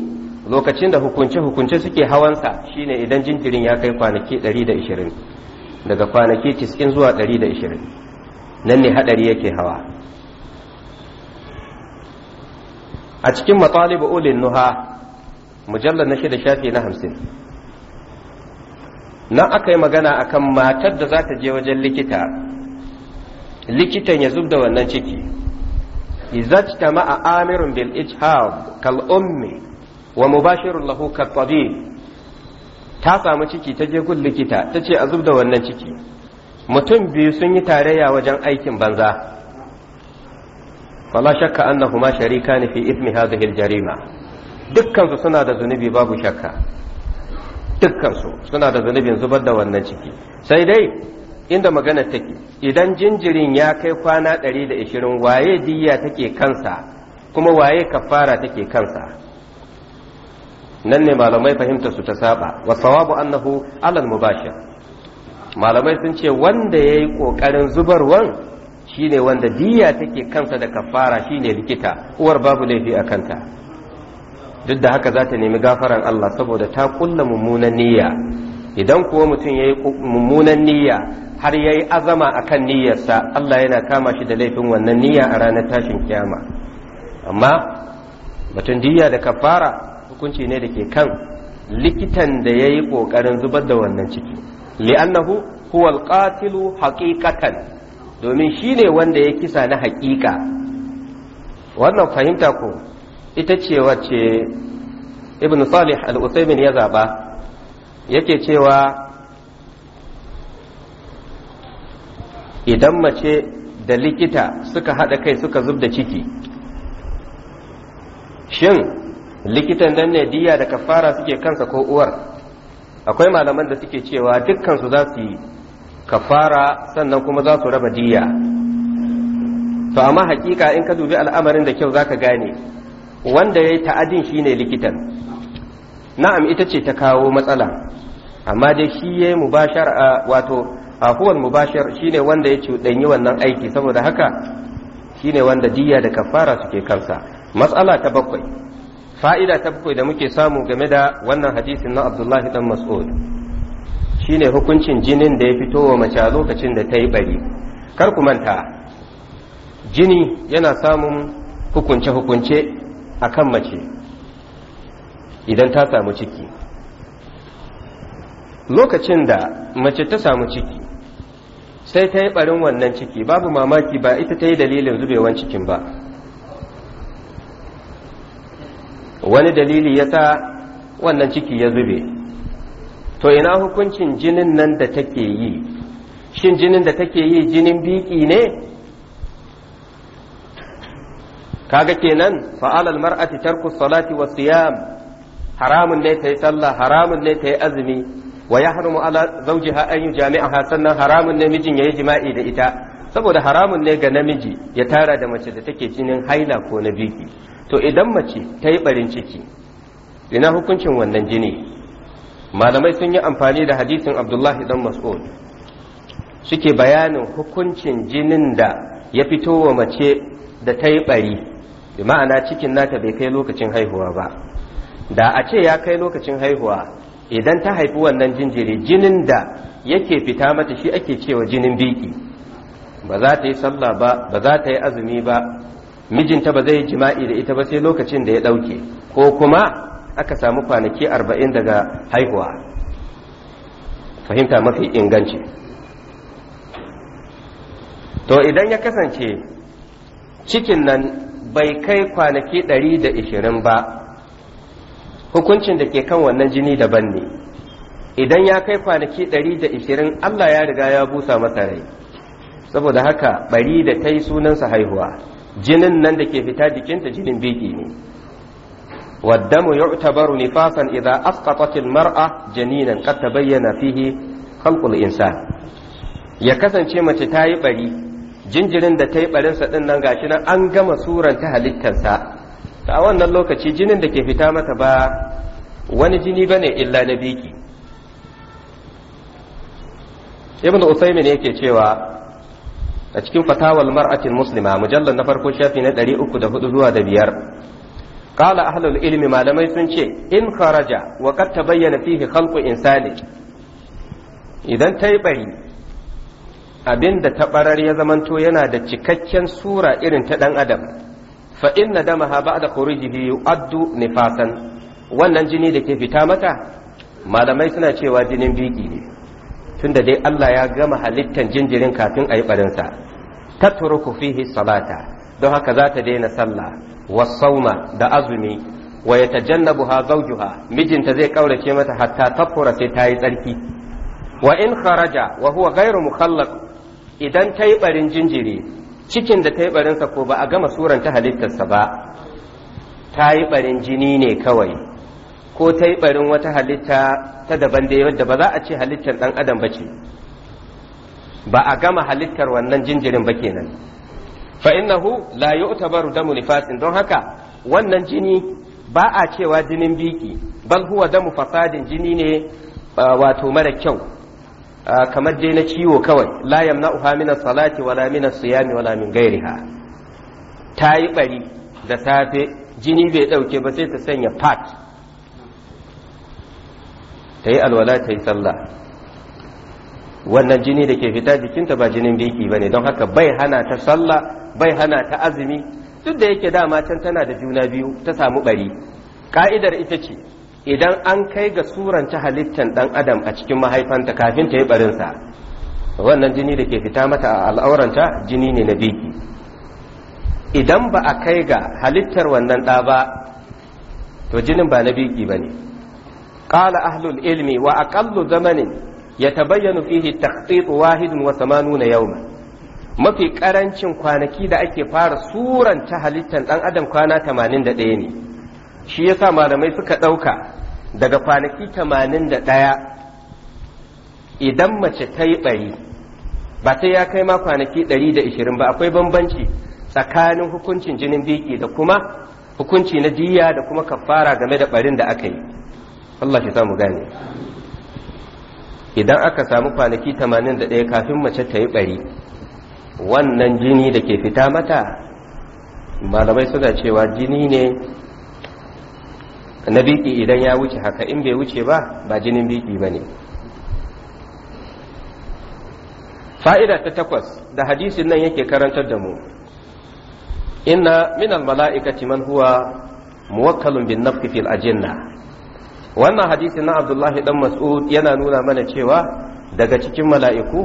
lokacin da hukunce hukunce suke hawan sa shine idan jinjirin ya kai kwanaki 120 daga kwanaki 90 zuwa 120 nan ne hadari yake hawa a cikin matsalib ulin nuha mujallar na shida shafi na hamsin nan aka yi magana akan matar da za ta je wajen likita likitan ya zub da wannan ciki izaj ta ma'a amirin bil ijhab kal ummi wa mubashirun lahu kal tabib ta samu ciki ta je gun likita ta ce a zub da wannan ciki mutum biyu sun yi tarayya wajen aikin banza fala shakka annahuma sharikani fi ithmi hadhihi al-jarima dukkan su suna da zunubi babu shakka dukkan su suna da zunubin zubar da wannan ciki sai dai inda magana take idan jinjirin ya kai kwana 120 waye diyya take kansa kuma waye kafara take kansa nan ne malamai fahimta su ta saba wa sawabu annahu alal mubashir malamai sun ce wanda yayi kokarin zubarwan shine wanda diya take kansa da kafara shine likita uwar babu laifi a kanta duk da haka za ta nemi gafaran Allah saboda ta kulla mummunan niyya idan kuwa mutum ya yi mummunan niyya har ya yi azama a kan niyyarsa Allah yana kama shi da laifin wannan niyya a ranar tashin kiyama amma batun diya da kafara hukunci ne da ke kan likitan da ya yi ƙoƙarin zubar da wannan ciki li'annahu huwa alqatilu haqiqatan domin shi ne wanda ya kisa na haƙiƙa wannan fahimta ko ita ce wacce ibn salih al-usaimin ya zaba yake cewa idan mace da likita suka haɗa kai suka zub da ciki shin likitan nan ne diya da kafara suke kansa ko uwar akwai malaman da suke cewa dukkansu za su yi kafara sannan kuma za su raba diya to amma hakika in ka dubi al'amarin da kyau za ka gane wanda ya yi ta'adin shi ne likitan na'am ita ce ta kawo matsala amma dai shi ya yi mubashar a wato afuwan mubashar shi ne wanda ya cuɗanyi wannan aiki saboda haka shi ne wanda diya da kafara suke kansa matsala ta bakwai fa'ida ta bakwai da muke samu game da wannan hadisin na abdullahi dan mas'ud shine hukuncin jinin da ya fito wa mace a lokacin da ta yi bari kar ku manta jini yana samun hukunce-hukunce a kan mace idan ta samu ciki lokacin da mace ta samu ciki sai ta yi barin wannan ciki babu mamaki ba ita ta yi dalilin zubewan cikin ba wani dalili ya sa wannan ciki ya zube to ina hukuncin jinin nan da take yi shin jinin da take yi jinin biki ne kaga kenan fa'alal mar'ati tarku salati wa siyam haramun ne ta yi sallah haramun ne ta yi azumi wa yahrumu ala zawjiha an yujami'aha sannan haramun ne mijin yayi jima'i da ita saboda haramun ne ga namiji ya tara da mace da take jinin haila ko na biki to idan mace ta yi barin ciki ina hukuncin wannan jini malamai sun yi amfani da hadisin abdullahi dan mas'ud suke bayanin hukuncin jinin da ya fito wa mace da ta yi bari bi ma'ana cikin nata bai kai lokacin haihuwa ba da a ce ya kai lokacin haihuwa idan ta haifi wannan jinjiri jinin da yake fita mata shi ake cewa jinin biki ba za ta yi sallah ba ba za ta yi azumi ba mijinta ba zai yi jima'i da ita ba sai lokacin da ya ɗauke ko kuma aka samu kwanaki arba'in daga haihuwa fahimta mafi inganci to idan ya kasance cikin nan bai kai kwanaki ɗari da ishirin ba hukuncin da ke kan wannan jini daban ne idan ya kai kwanaki ɗari da ishirin allah ya riga ya busa masa rai saboda haka bari da ta yi sunansa haihuwa jinin nan da ke fita jikinta jinin biki ne والدم يعتبر نفاقا إذا أسقطت المرأة جنينا قد تبين فيه خلق الإنسان ya kasance mace ta yi bari jinjirin da ta yi barinsa ɗin ga gashi nan an gama suran ta halittarsa a wannan lokaci jinin da ke fita mata ba wani jini bane illa na biki ibn usaimin yake cewa a cikin fatawal mar'atin muslima mujallar na farko shafi na uku da 304 zuwa da biyar Ƙala ahlul ilimi malamai sun ce in kharaja wa qad tabayyana fihi khalqu insani idan ta yi bari abin da ta barar ya zamanto yana da cikakken sura irin ta dan adam fa inna damaha ba'da khurujihi yu'addu nifasan wannan jini da ke fita mata malamai suna cewa jinin biki ne tunda dai Allah ya gama halittan jinjirin kafin a yi barinsa ta fihi salata don haka za ta daina sallah wasauma da azumi wa ya tajannabu ha zaujuha mijinta zai kaurace mata hatta tafura sai ta yi tsarki wa in kharaja wa huwa ghairu mukhallaq idan ta yi barin jinjiri cikin da ta yi barinsa ko ba a gama suran ta halittarsa ba ta yi barin jini ne kawai ko ta yi barin wata halitta ta daban da yadda ba za a ce halittar dan adam bace ba a gama halittar wannan jinjirin ba kenan fa innahu la yu'tabaru damu nifasin don haka wannan jini ba a cewa jinin biki bal huwa damu fasadin jini ne wato mara kyau kamar dai na ciwo kawai la yamna'uha min salati wala min as-siyami wala min ghairiha ta yi bari da safe jini bai dauke ba sai ta sanya pat ta yi alwala ta yi sallah wannan jini da ke fita jikinta ba jinin biki ba ne don haka bai hana ta sallah bai hana ta azumi duk da yake dama can tana da juna biyu ta samu bari ka'idar ita ce idan an kai ga suranta halittan dan adam a cikin mahaifanta kafin ta yi barinsa wannan jini da ke fita mata a al'auranta jini ne na biki idan ba a kai ga halittar wannan ɗa ba to jinin ba na biki ba ne ƙala ahlul ilmi wa aƙallu zamanin yatabayyanu fihi takhtit wahid wa yau yawma mafi ƙarancin kwanaki da ake fara suran ta halittar dan adam kwana ɗaya ne shi yasa malamai suka ɗauka daga kwanaki ɗaya idan mace ta yi bari ba sai ya kai ma kwanaki ɗari da 120 ba akwai bambanci tsakanin hukuncin jinin biki da kuma hukunci na jiyya da kuma kafara game da barin da aka yi Allah shi samu gane idan aka samu kwanaki 81 kafin mace ta yi bari wannan jini da ke fita mata malamai suna cewa jini ne na biki idan ya wuce haka in bai wuce ba ba jinin biki ba ne fa'ida ta takwas da hadisin nan yake karantar da mu inna minal mala'ikati man huwa muwakkalun bin nafki fil ajinna wannan hadisi na abdullahi dan mas'ud yana nuna mana cewa daga cikin mala'iku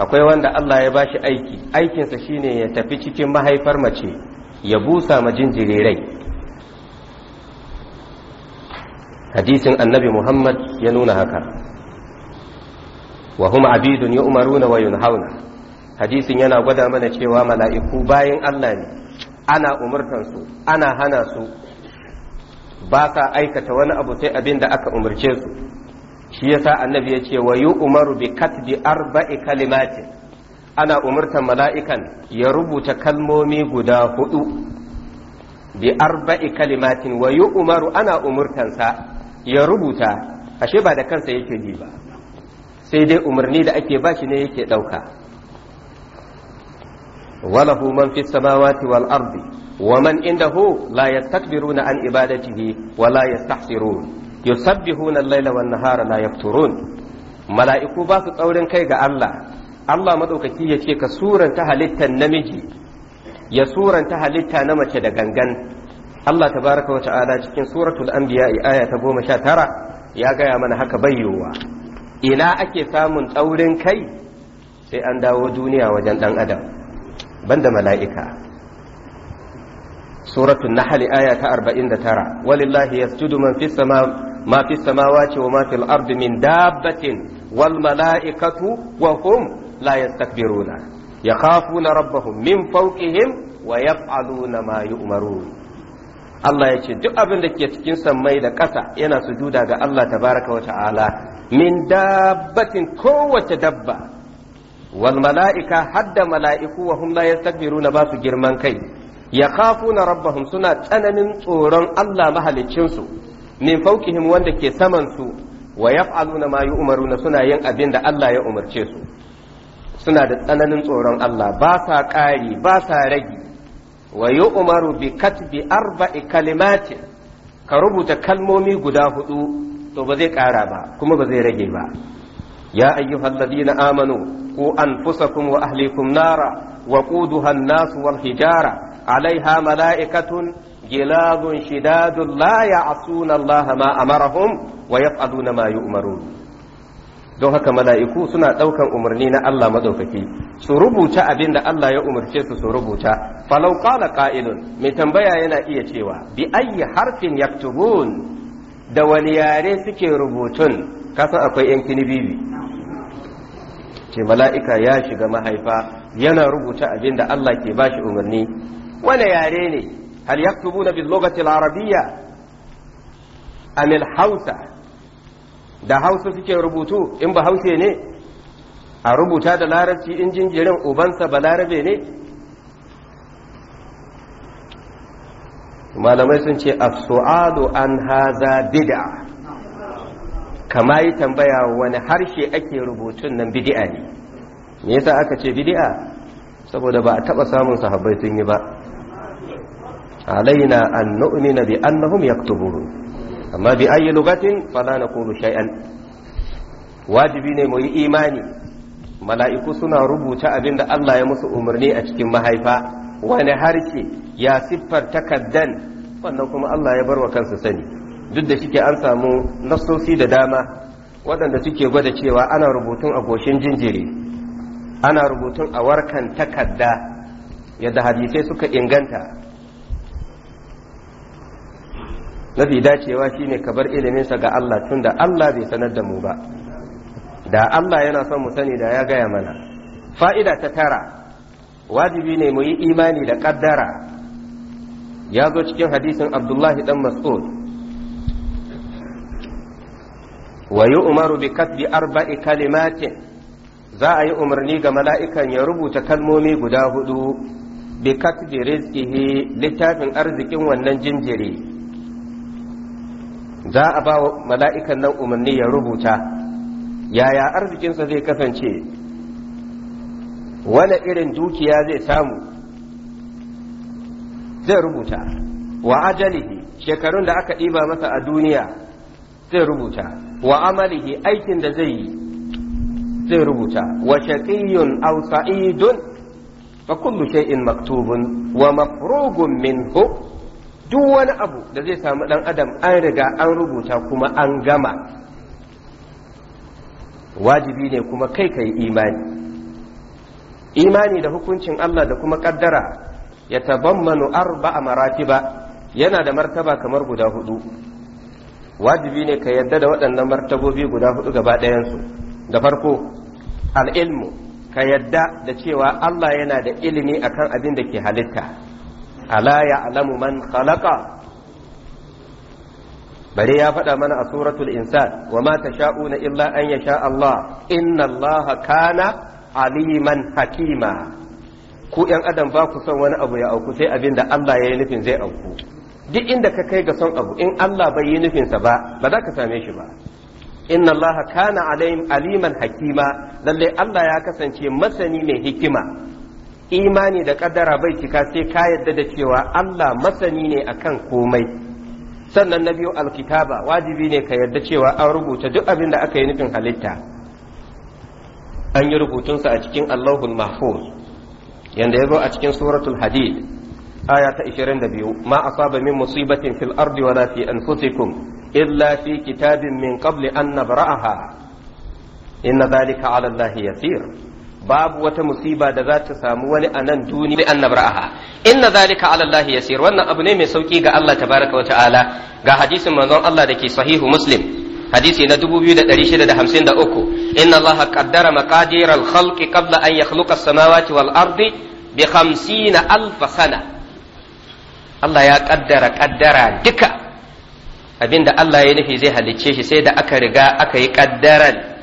akwai wanda Allah ya bashi aiki aikinsa shine ya tafi cikin mahaifar mace ya busa ma jinjirirai hadisin annabi muhammad ya nuna haka wa huma abidun yu'maruna wa yunhauna hadisin yana gwada mana cewa mala'iku bayan Allah ne ana umurtansu ana hana su ba sa aikata wani abu sai abin da aka umarce su shi yasa annabi ya ce wa umaru bi katbi arba'i kalimatin ana umurtan mala'ikan ya rubuta kalmomi guda hudu bi arba'i kalimatin wa umaru ana umurtansa ya rubuta ashe ba da kansa yake ji ba sai dai umarni da ake ba shi ne yake ɗauka walahu man fi samawati wal ardi wa man indahu la na an ibadatihi wa la yastahsirun yusabbihuna al-laila wan nahara la yafturun mala'iku ba su tsaurin kai ga Allah Allah madaukaki ya ce ka suranta halittar namiji ya suranta halitta na mace da gangan Allah tabaraka wa ta'ala cikin suratul anbiya aya ta goma sha tara ya gaya mana haka bayyowa ina ake samun tsaurin kai sai an dawo duniya wajen dan adam banda mala'ika suratul nahl aya ta 49 walillahi yasjudu man fis sama ma fis samawati wa ma fil ardi min dabbatin wal malaikatu wa hum la yastakbiruna yakhafuna rabbahum min fawqihim wa yaf'aluna ma yu'marun Allah ya ce duk abin da ke cikin sammai da ƙasa yana sujuda ga Allah tabaraka wa ta'ala min dabbatin kowace dabba wal mala'ika hadda mala'iku wa hum la yastakbiruna ba su girman kai ya kafu na rabbahum suna tsananin tsoron Allah mahaliccinsu min fawqihim wanda ke samansu, saman su na na ma na suna yin abin da Allah ya umarce su suna da tsananin tsoron Allah ba sa ƙari ba sa ragi wa yi umaru bi katbi arba'i kalimatin ka rubuta kalmomi guda hudu to ba zai ƙara ba kuma ba zai rage ba ya ayyuhal ladina amanu ku anfusakum wa ahlikum nara wa ƙudu an wal hijara alaiha mala'ikatun gilazun شداد لا يعصون الله ما amarahum ويفعلون ما يؤمرون don haka mala'iku suna ɗaukan umarni na Allah maɗaukaki su rubuta abin da Allah ya umarce su su rubuta falau qala qa'ilun mai tambaya yana iya cewa bi ayyi harfin yaktubun da wani yare suke rubutun kasan akwai yan kinibibi ce mala'ika ya shiga mahaifa yana rubuta abin da Allah ke bashi umarni wani yare ne hal yaktubuna na lughati Larabiya, arabiyya hausa da hausa suke rubutu in ba hausa ne a rubuta da larabci in jinjirin ubansa ba larabe ne malamai sun ce a su'adu an haza bid'a kama yi tambaya wani harshe ake rubutun nan bidi'a ne me yasa aka ce bidi'a saboda ba a taba samun sahabbai sun yi ba alaina an nu'mina bi annahum yaktubun amma bi ayi lugatin fala naqulu shay'an wajibi ne mu yi imani mala'iku suna rubuta abin da Allah ya musu umarni a cikin mahaifa wani harshe ya siffar takaddan wannan kuma Allah ya bar wa kansa sani duk da shike an samu nafsosi da dama waɗanda suke gwada cewa ana rubutun a goshin jinjiri ana rubutun a warkan takarda, yadda hadisai suka inganta mafi dacewa ne ka bar iliminsa ga Allah tunda Allah bai sanar da mu ba da Allah yana son mu sani da ya gaya mana fa'ida ta tara wajibi ne mu yi imani da kaddara ya zo cikin hadisin abdullahi dan mas'ud wa yi umaru bi katbi arba'i kalimatin za a yi umarni ga mala'ikan ya rubuta kalmomi guda hudu bi katbi rizqihi littafin arzikin wannan jinjiri za a ba wa mala'ikan nan umarni ya rubuta yaya arzikinsa zai kasance wani irin dukiya zai samu zai rubuta wa ajalihi shekarun da aka ɗiba masa a duniya zai rubuta wa amalihi aikin da zai yi zai rubuta wa shaqiyyun aw sa'idun fa kullu shay'in maktubun wa mafrugun minhu duk wani abu da zai samu dan adam an riga an rubuta kuma an gama wajibi ne kuma kai kai imani imani da hukuncin Allah da kuma kaddara ya tabammanu arba'a maratiba yana da martaba kamar guda hudu wajibi ne ka yarda da waɗannan martabobi guda hudu gaba ɗayansu da farko al'ilmu ka yadda da cewa Allah yana da ilimi akan abin da ke halitta ala alamu man khalaqa bare ya faɗa mana a suratul insan wa ma tasha'una illa an yasha Allah inna Allah kana aliman hakima ku yan adam ba ku son wani abu ya auku sai abin da Allah ya yi nufin zai auku duk inda ka kai ga son abu in Allah bai yi nufinsa ba ba za ka same shi ba inna Allah kana aliman hakima lallai Allah ya kasance masani mai hikima imani da kaddara bai cika sai ka yadda da cewa Allah masani ne akan komai sannan na biyu alkitaba wajibi ne ka yadda cewa an rubuta duk abin da aka yi nufin halitta an yi rubutunsa a cikin Allahul Mahfuz yanda ya zo a cikin suratul hadid aya ta 22 ma asaba min musibatin fil ardi wala fi anfusikum illa fi kitabin min qabli an nabra'aha inna dhalika 'ala allahi yasir babu wata musiba da za ta samu wani a nan duniya bi annabraha inna zalika ala Allah yasir wannan abu ne mai sauki ga Allah tabaraka wata'ala ga hadisin manzon Allah da ke sahihu muslim hadisi na 2653 inna Allah qaddara maqadir al-khalq qabla an yakhluqa as-samawati wal ardi bi 50 alf sana Allah ya kaddara kaddara duka abinda Allah ya nufi zai halicce shi sai da aka riga aka yi kaddaran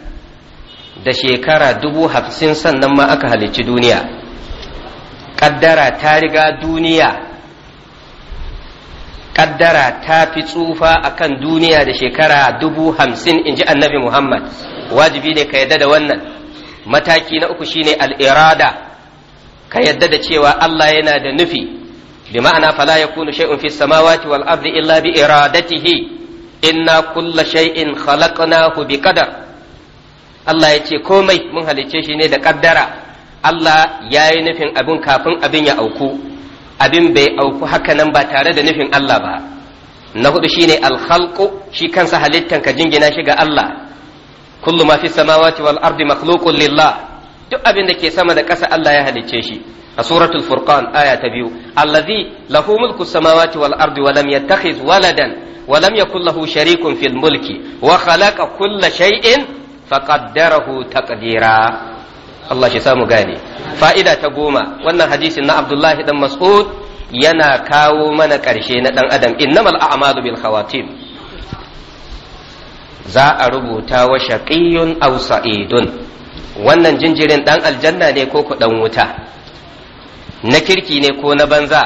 da shekara dubu hamsin sannan ma aka halicci duniya ƙaddara ta riga duniya kaddara ta fi tsufa a kan duniya da shekara dubu hamsin in ji annabi Muhammad wajibi ne ka yadda da wannan mataki na uku shine al'irada ka yadda da cewa Allah yana da nufi bi ma'ana fala ya kunu shay'un fi samawati wal ardi illa bi iradatihi inna kulla shay'in khalaqnahu bi qadar Allah ya ce komai mun halicce shi ne da kaddara Allah ya yi nufin abin kafin abin ya auku abin bai auku haka nan ba tare da nufin Allah ba na hudu shine alkhalqu shi kansa halittan ka jingina shi ga Allah kullu ma fi samawati wal ardi makhluqun lillah duk abin da ke sama da ƙasa Allah ya halicce shi a suratul furqan aya ta biyu allazi lahu mulku samawati wal ardi wa lam yattakhiz waladan wa lam yakul lahu sharikun fil mulki wa khalaqa kulla shay'in faqaddarahu taqdira Allah shi samu gane fa'ida ta goma wannan hadisin na Abdullahi dan Mas'ud yana kawo mana ƙarshe na ɗan adam innamal a'malu bil khawatim za a rubuta wa shaqiyyun aw sa'idun wannan jinjirin ɗan aljanna ne ko ku ɗan wuta na kirki ne ko na banza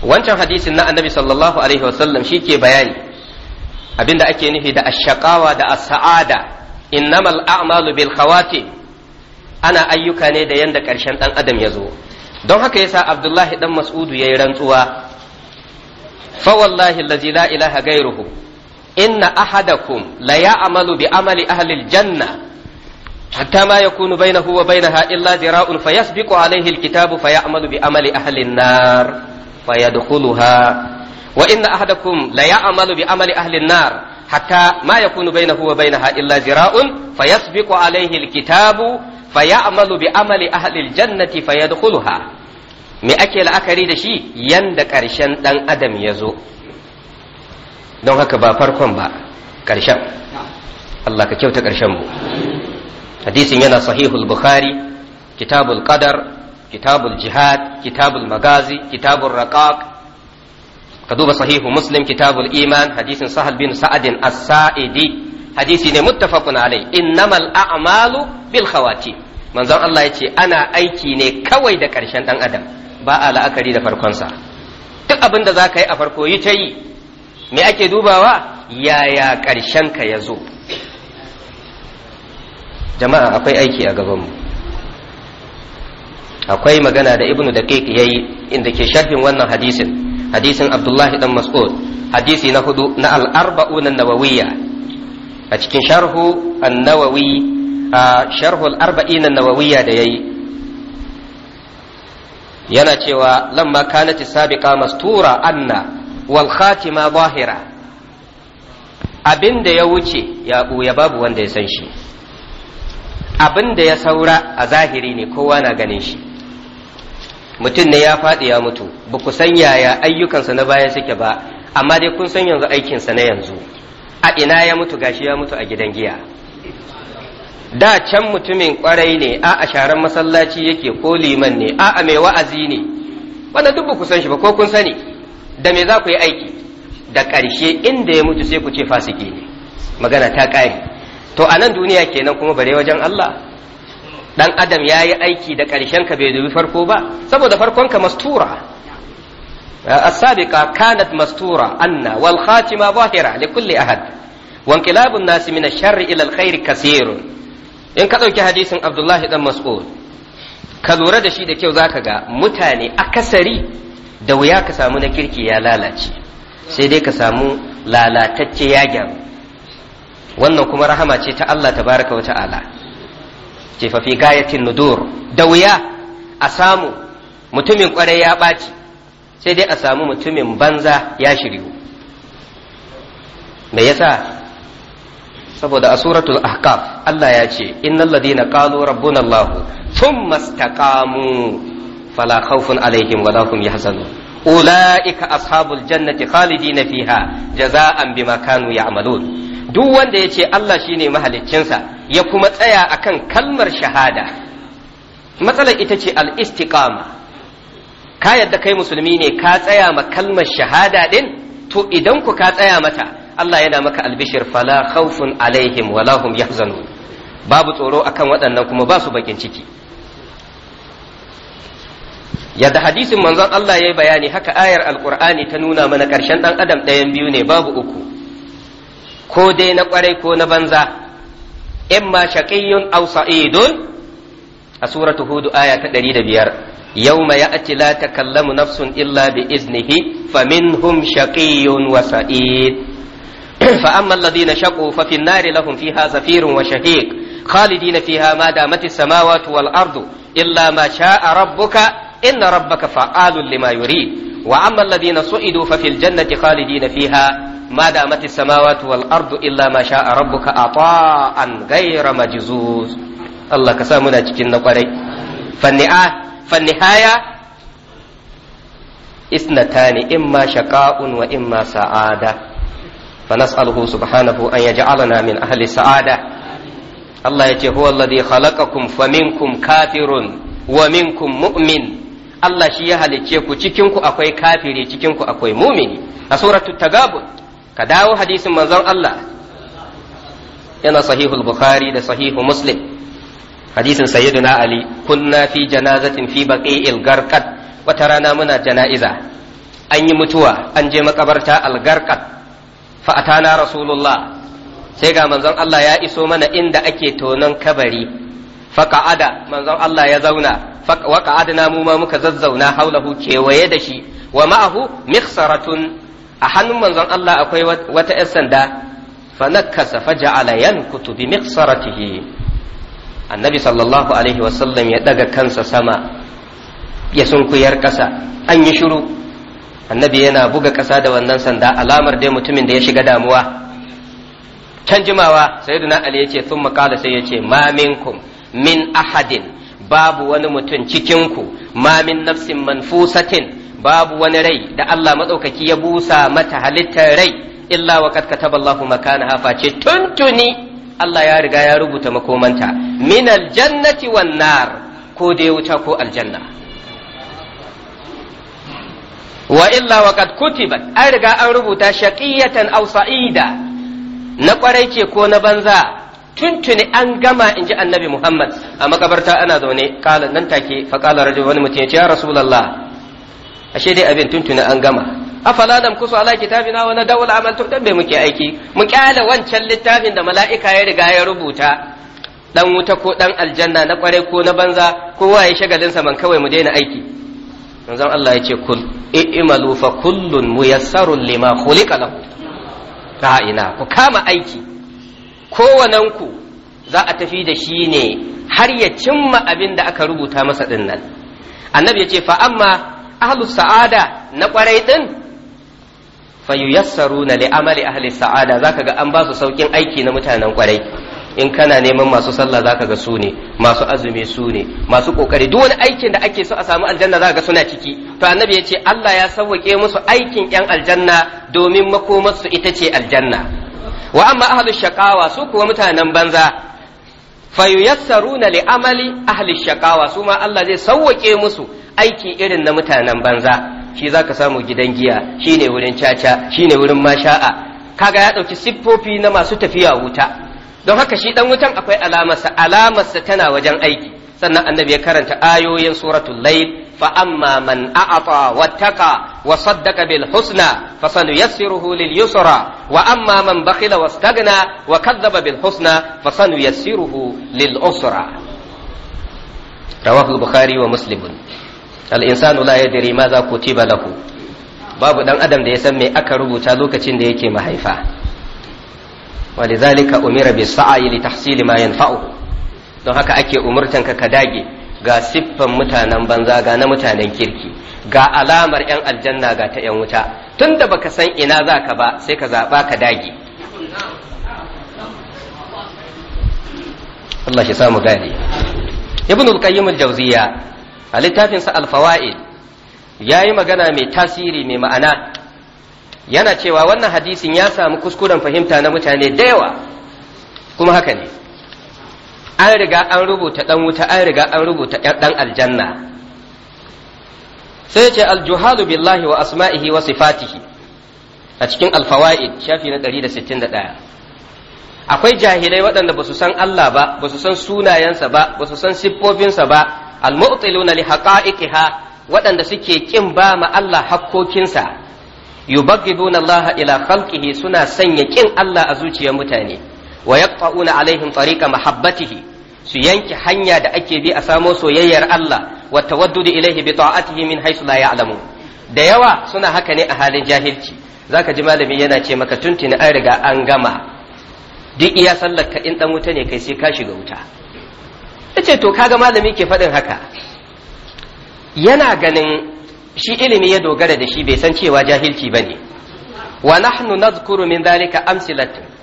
wancan hadisin na annabi sallallahu alaihi wasallam shi ke bayani abinda ake nufi da ashaqawa da as-sa'ada innamal a'malu bil khawatim ana ayyuka ne da yanda ƙarshen ɗan adam ya zo don haka yasa abdullahi dan mas'udu ya yi rantsuwa fa wallahi allazi la ilaha gairuhu inna ahadakum la ya'malu bi amali ahli janna, hatta ma yakunu bainahu wa bainaha illa dira'un fayasbiqu alayhi alkitabu yamalu bi amali ahli an-nar fayadkhuluha wa in na inna ahadakum la ya'malu bi amali ahli an-nar hatta ma yakunu bainahu wa bainaha illa zira'un fayasbiqu alayhi al-kitabu faya'malu bi amali ahli al-jannati fayadkhuluha me ake la'akari da shi yanda ƙarshen ɗan adam ya zo don haka ba farkon ba ƙarshen Allah ka kyauta ƙarshen mu hadisin yana sahihul bukhari kitabul qadar kitabul jihad kitabul magazi kitabul raqaq ka duba sahihu muslim kitabul iman hadisin sahal bin sa'adin as-sa'idi hadisi ne muttafaqun alai innamal a'malu bil khawati manzon Allah yace ana aiki ne kawai da karshen dan adam ba a la'akari da farkonsa duk abin da zaka yi a farko yi ta yi me ake dubawa yaya karshen ka ya zo jama'a akwai aiki a gaban mu akwai magana da ibnu daqiq yayi inda ke sharhin wannan hadisin hadisin abdullahi ɗan mas'ud hadisi na hudu na al-arba'un an a cikin sharhu an-nawawi sharhu al-arba'in an-nawawiyya da yayi yana cewa lamma kanat sabiqa mastura anna wal khatima zahira abin ya wuce ya ya babu wanda ya san shi abinda ya saura a zahiri ne kowa na ganin shi mutum ne ya faɗi ya mutu ba ku san yaya ayyukansa na baya suke ba amma dai kun san yanzu aikinsa na yanzu a ina ya mutu gashi ya mutu a gidan giya da can mutumin kwarai ne a a sharan masallaci yake ko liman ne a a mai wa'azi ne wannan duk ba ku san shi ba ko kun sani da me za ku yi aiki da ƙarshe inda ya mutu sai ku ce fasiki ne magana ta ƙare to a nan duniya kenan kuma bare wajen Allah dan adam ya yi aiki da ƙarshen ka bai dubi farko ba saboda farkon ka mastura as-sabiqa kanat mastura anna wal khatima zahira li kulli ahad wa inqilabun nas min ash-sharr ila al-khair kaseer in ka dauki hadisin abdullah dan mas'ud ka lura da shi da kyau zaka ga mutane akasari da wuya ka samu na kirki ya lalace sai dai ka samu lalatacce yagen. wannan kuma rahama ce ta Allah tabaraka wa ta'ala ce gayatin nudur da wuya a samu mutumin kwarai ya ɓaci sai dai a samu mutumin banza ya shiryu me yasa saboda a suratul ahqaf Allah ya ce innal ladina qalu rabbuna Allah thumma istaqamu fala khawfun alaihim wala hum yahzanun ulaika ashabul jannati khalidina fiha jazaan bima kanu ya'malun duk wanda ya ce Allah shine mahaliccinsa ya kuma tsaya akan kalmar shahada matsalar ita ce al-istiqama ka yadda kai musulmi ne ka tsaya ma kalmar shahada din to idan ku ka tsaya mata Allah yana maka albishir fala khawfun alaihim wala hum yahzanun babu tsoro akan waɗannan kuma ba su bakin ciki yadda hadisin manzon Allah ya yi bayani haka ayar alkur'ani ta nuna mana ƙarshen ɗan adam ɗayan biyu ne babu uku ko dai na ƙwarai ko na banza imma shaqiyyun aw sa'idun a suratu Hudu aya ta ɗari da 105 yawma ya'ti la takallamu nafsun illa bi iznihi faminhum shaqiyyun wa sa'id fa amma alladhina shaqu fa fi an-nari lahum fiha zafirun wa shahiq khalidina fiha ma damatis samawati wal ardu illa ma sha'a rabbuka inna rabbaka fa'alun lima yurid wa amma alladhina su'idu fa fil jannati khalidina fiha ma da amati samawati wal ardu illa ma sha'a rabbuka ata'an gaira majzuz Allah ka sa muna cikin na kwarai fanni'a fannihaya isnatani imma shaqa'un wa imma sa'ada fa nas'aluhu subhanahu an yaj'alana min ahli sa'ada Allah yace huwa alladhi khalaqakum faminkum kafirun wa mu'min Allah shi ya halicce ku cikin akwai kafiri cikin akwai mumini a suratul tagabun ka dawo hadisin manzon Allah yana sahihul bukhari da sahihu muslim hadisin sayyiduna ali kunna fi janazatin fi baqi'il garqat wata rana muna jana'iza an yi mutuwa an je makabarta al-garqat fa atana rasulullah sai ga manzon Allah ya iso mana inda ake tonon kabari fa qa'ada manzon Allah ya zauna wa qa'adna mu ma muka zazzauna haulahu kewaye da shi wa ma'ahu mikhsaratun a hannun manzon Allah akwai wata 'yan sanda fanakasa faja'ala yankutu bi miqsaratihi annabi sallallahu alaihi wasallam ya daga kansa sama ya sunkuyar ƙasa an yi shiru annabi yana buga ƙasa da wannan sanda alamar dai mutumin da ya shiga damuwa can jimawa sayyiduna ali ya ce sun makala sai ya ce ma minkum min ahadin babu wani mutum cikinku ma min nafsin manfusatin babu wani rai da Allah maɗaukaki ya busa mata halittar rai illa wa kad kataballahu makanaha face tuntuni Allah ya riga ya rubuta makomanta min aljannati wan nar ko dai wuta ko aljanna wa illa wa kad kutibat an riga an rubuta shaqiyatan aw sa'ida na kwarai ce ko na banza tuntuni an gama inji annabi Muhammad a makabarta ana zaune kala nan take fa kala rajul wani mutum ya ce ya rasulullah ashe dai abin tuntuna an gama afala lam kusu ala kitabina wa nadaw al amal tun bai muke aiki mu kyale wancan littafin da mala'ika ya riga ya rubuta dan wuta ko dan aljanna na kware ko na banza kowa ya shagalin sa man kawai mu daina aiki manzon Allah ya ce kul i'malu fa kullun muyassarun lima khuliqa lahu ina ku kama aiki ku. za a tafi da shi ne har ya cimma abin da aka rubuta masa dinnan annabi ya ce fa amma ahlus sa'ada na kwarai din fayuyassaruna li amali ahli sa'ada zaka ga an ba su saukin aiki na mutanen kwarai in kana neman masu sallah zaka ga su ne masu azumi su ne masu kokari duk wani aikin da ake so a samu aljanna zaka ga suna ciki to annabi ya ce Allah ya sauke musu aikin yan aljanna domin makomarsu ita ce aljanna wa amma ahli shaqawa su kuwa mutanen banza fayyassaruna li amali ahli shakawa su ma Allah zai sauwake musu aiki irin na mutanen banza shi zaka samu gidan giya shine wurin caca shine wurin masha'a kaga ya dauki siffofi na masu tafiya wuta don haka shi dan wutan akwai alamarsa alamarsa tana wajen aiki sannan annabi ya karanta ayoyin suratul layl فأما من أعطى واتقى وصدق بالحسنى فسنيسره لليسرى وأما من بخل واستغنى وكذب بالحسنى فسنيسره للعسرى رواه البخاري ومسلم الإنسان لا يدري ماذا كتب له babu dan adam da ya san me aka rubuta lokacin da yake mahaifa walidhalika umira bis sa'i li tahsil ma yanfa'u don haka ake umurtanka ka dage ga siffan mutanen banza ga na mutanen kirki ga alamar 'yan aljanna ga ta 'yan wuta tun da baka san ina za ka ba sai ka zaɓa ka dage Allah shi samu gane ibn al-qayyim al-jawziya a littafin sa al-fawaid yayi magana mai tasiri mai ma'ana yana cewa wannan hadisin ya samu kuskuren fahimta na mutane da yawa kuma haka ne an riga an rubuta dan wuta an riga an rubuta dan aljanna sai ce aljuhalu billahi wa asma'ihi wa sifatihi a cikin alfawaid shafi na 161 akwai jahilai waɗanda ba su san Allah ba ba su san sunayensa ba ba su san siffofinsa ba almu'tiluna li haqa'iqiha waɗanda suke kin ba ma Allah hakkokinsa yubaghiduna Allah ila khalqihi suna sanya kin Allah a zuciyar mutane wa yaqta'una alaihim tariqa mahabbatihi su yanke hanya da ake bi a samo soyayyar Allah wa tawaddudu ilaihi bi ta'atihi min haythu la ya'lamu da yawa suna haka ne a halin jahilci zaka ji malami yana ce maka tuntuni an riga an gama duk iya sallar ka in dan wuta ne kai sai ka shiga wuta yace to kaga malami ke faɗin haka yana ganin shi ilimi ya dogara da shi bai san cewa jahilci bane wa nahnu nadhkuru min dhalika amsilatan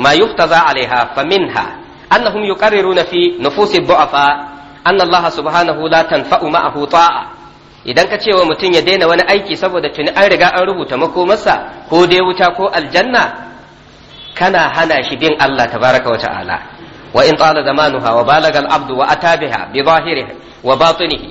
ما يقتضى عليها فمنها أنهم يقررون في نفوس الضعفاء أن الله سبحانه لا تنفع معه طاعة idan ka ce wa mutum ya daina wani aiki saboda tuni an riga an rubuta makomarsa ko dai wuta ko aljanna kana hana shi bin Allah tabaraka wa ta'ala wa in tsala zamanuha wa balagal abdu wa atabiha bi zahirihi wa batinihi